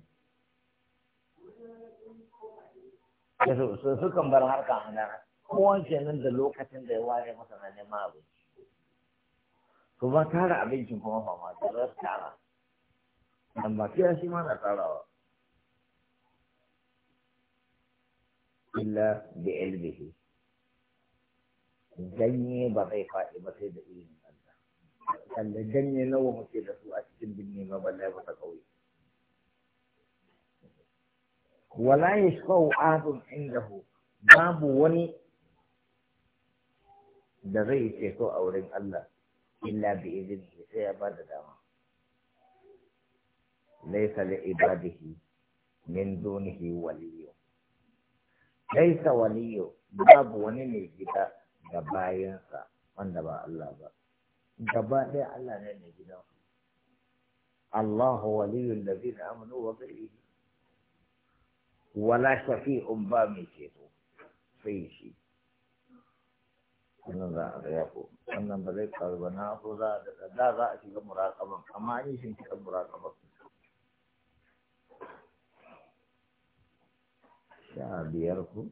kan bar harkar a Kowace nan da lokacin da ya ware masa na neman abinci. ba tara abincin kuma fama da za su tara dan ba kiya shi ma na tarawa illa da ilmihi ganye ba zai faɗi ba sai da ilimin Allah Allah ganye nawa muke da su a cikin binne ba balle ba ta kauye wala yashfa'u ahadun indahu babu wani da zai ceto a wurin Allah illa bi izin sai ya ba da dama laisa li ibadihi min dunihi waliyu laisa waliyu babu wani ne gida da bayansa wanda ba Allah ba gaba ɗaya Allah ne ne gidan Allahu waliyul ladina amanu wa bihi wala shafi'un ba mai ceto sai shi wannan za a gaya ko wannan ba zai faru ba na so za a daga da za a shiga muraƙaban amma an yi shi shiga muraƙaban sha biyar ku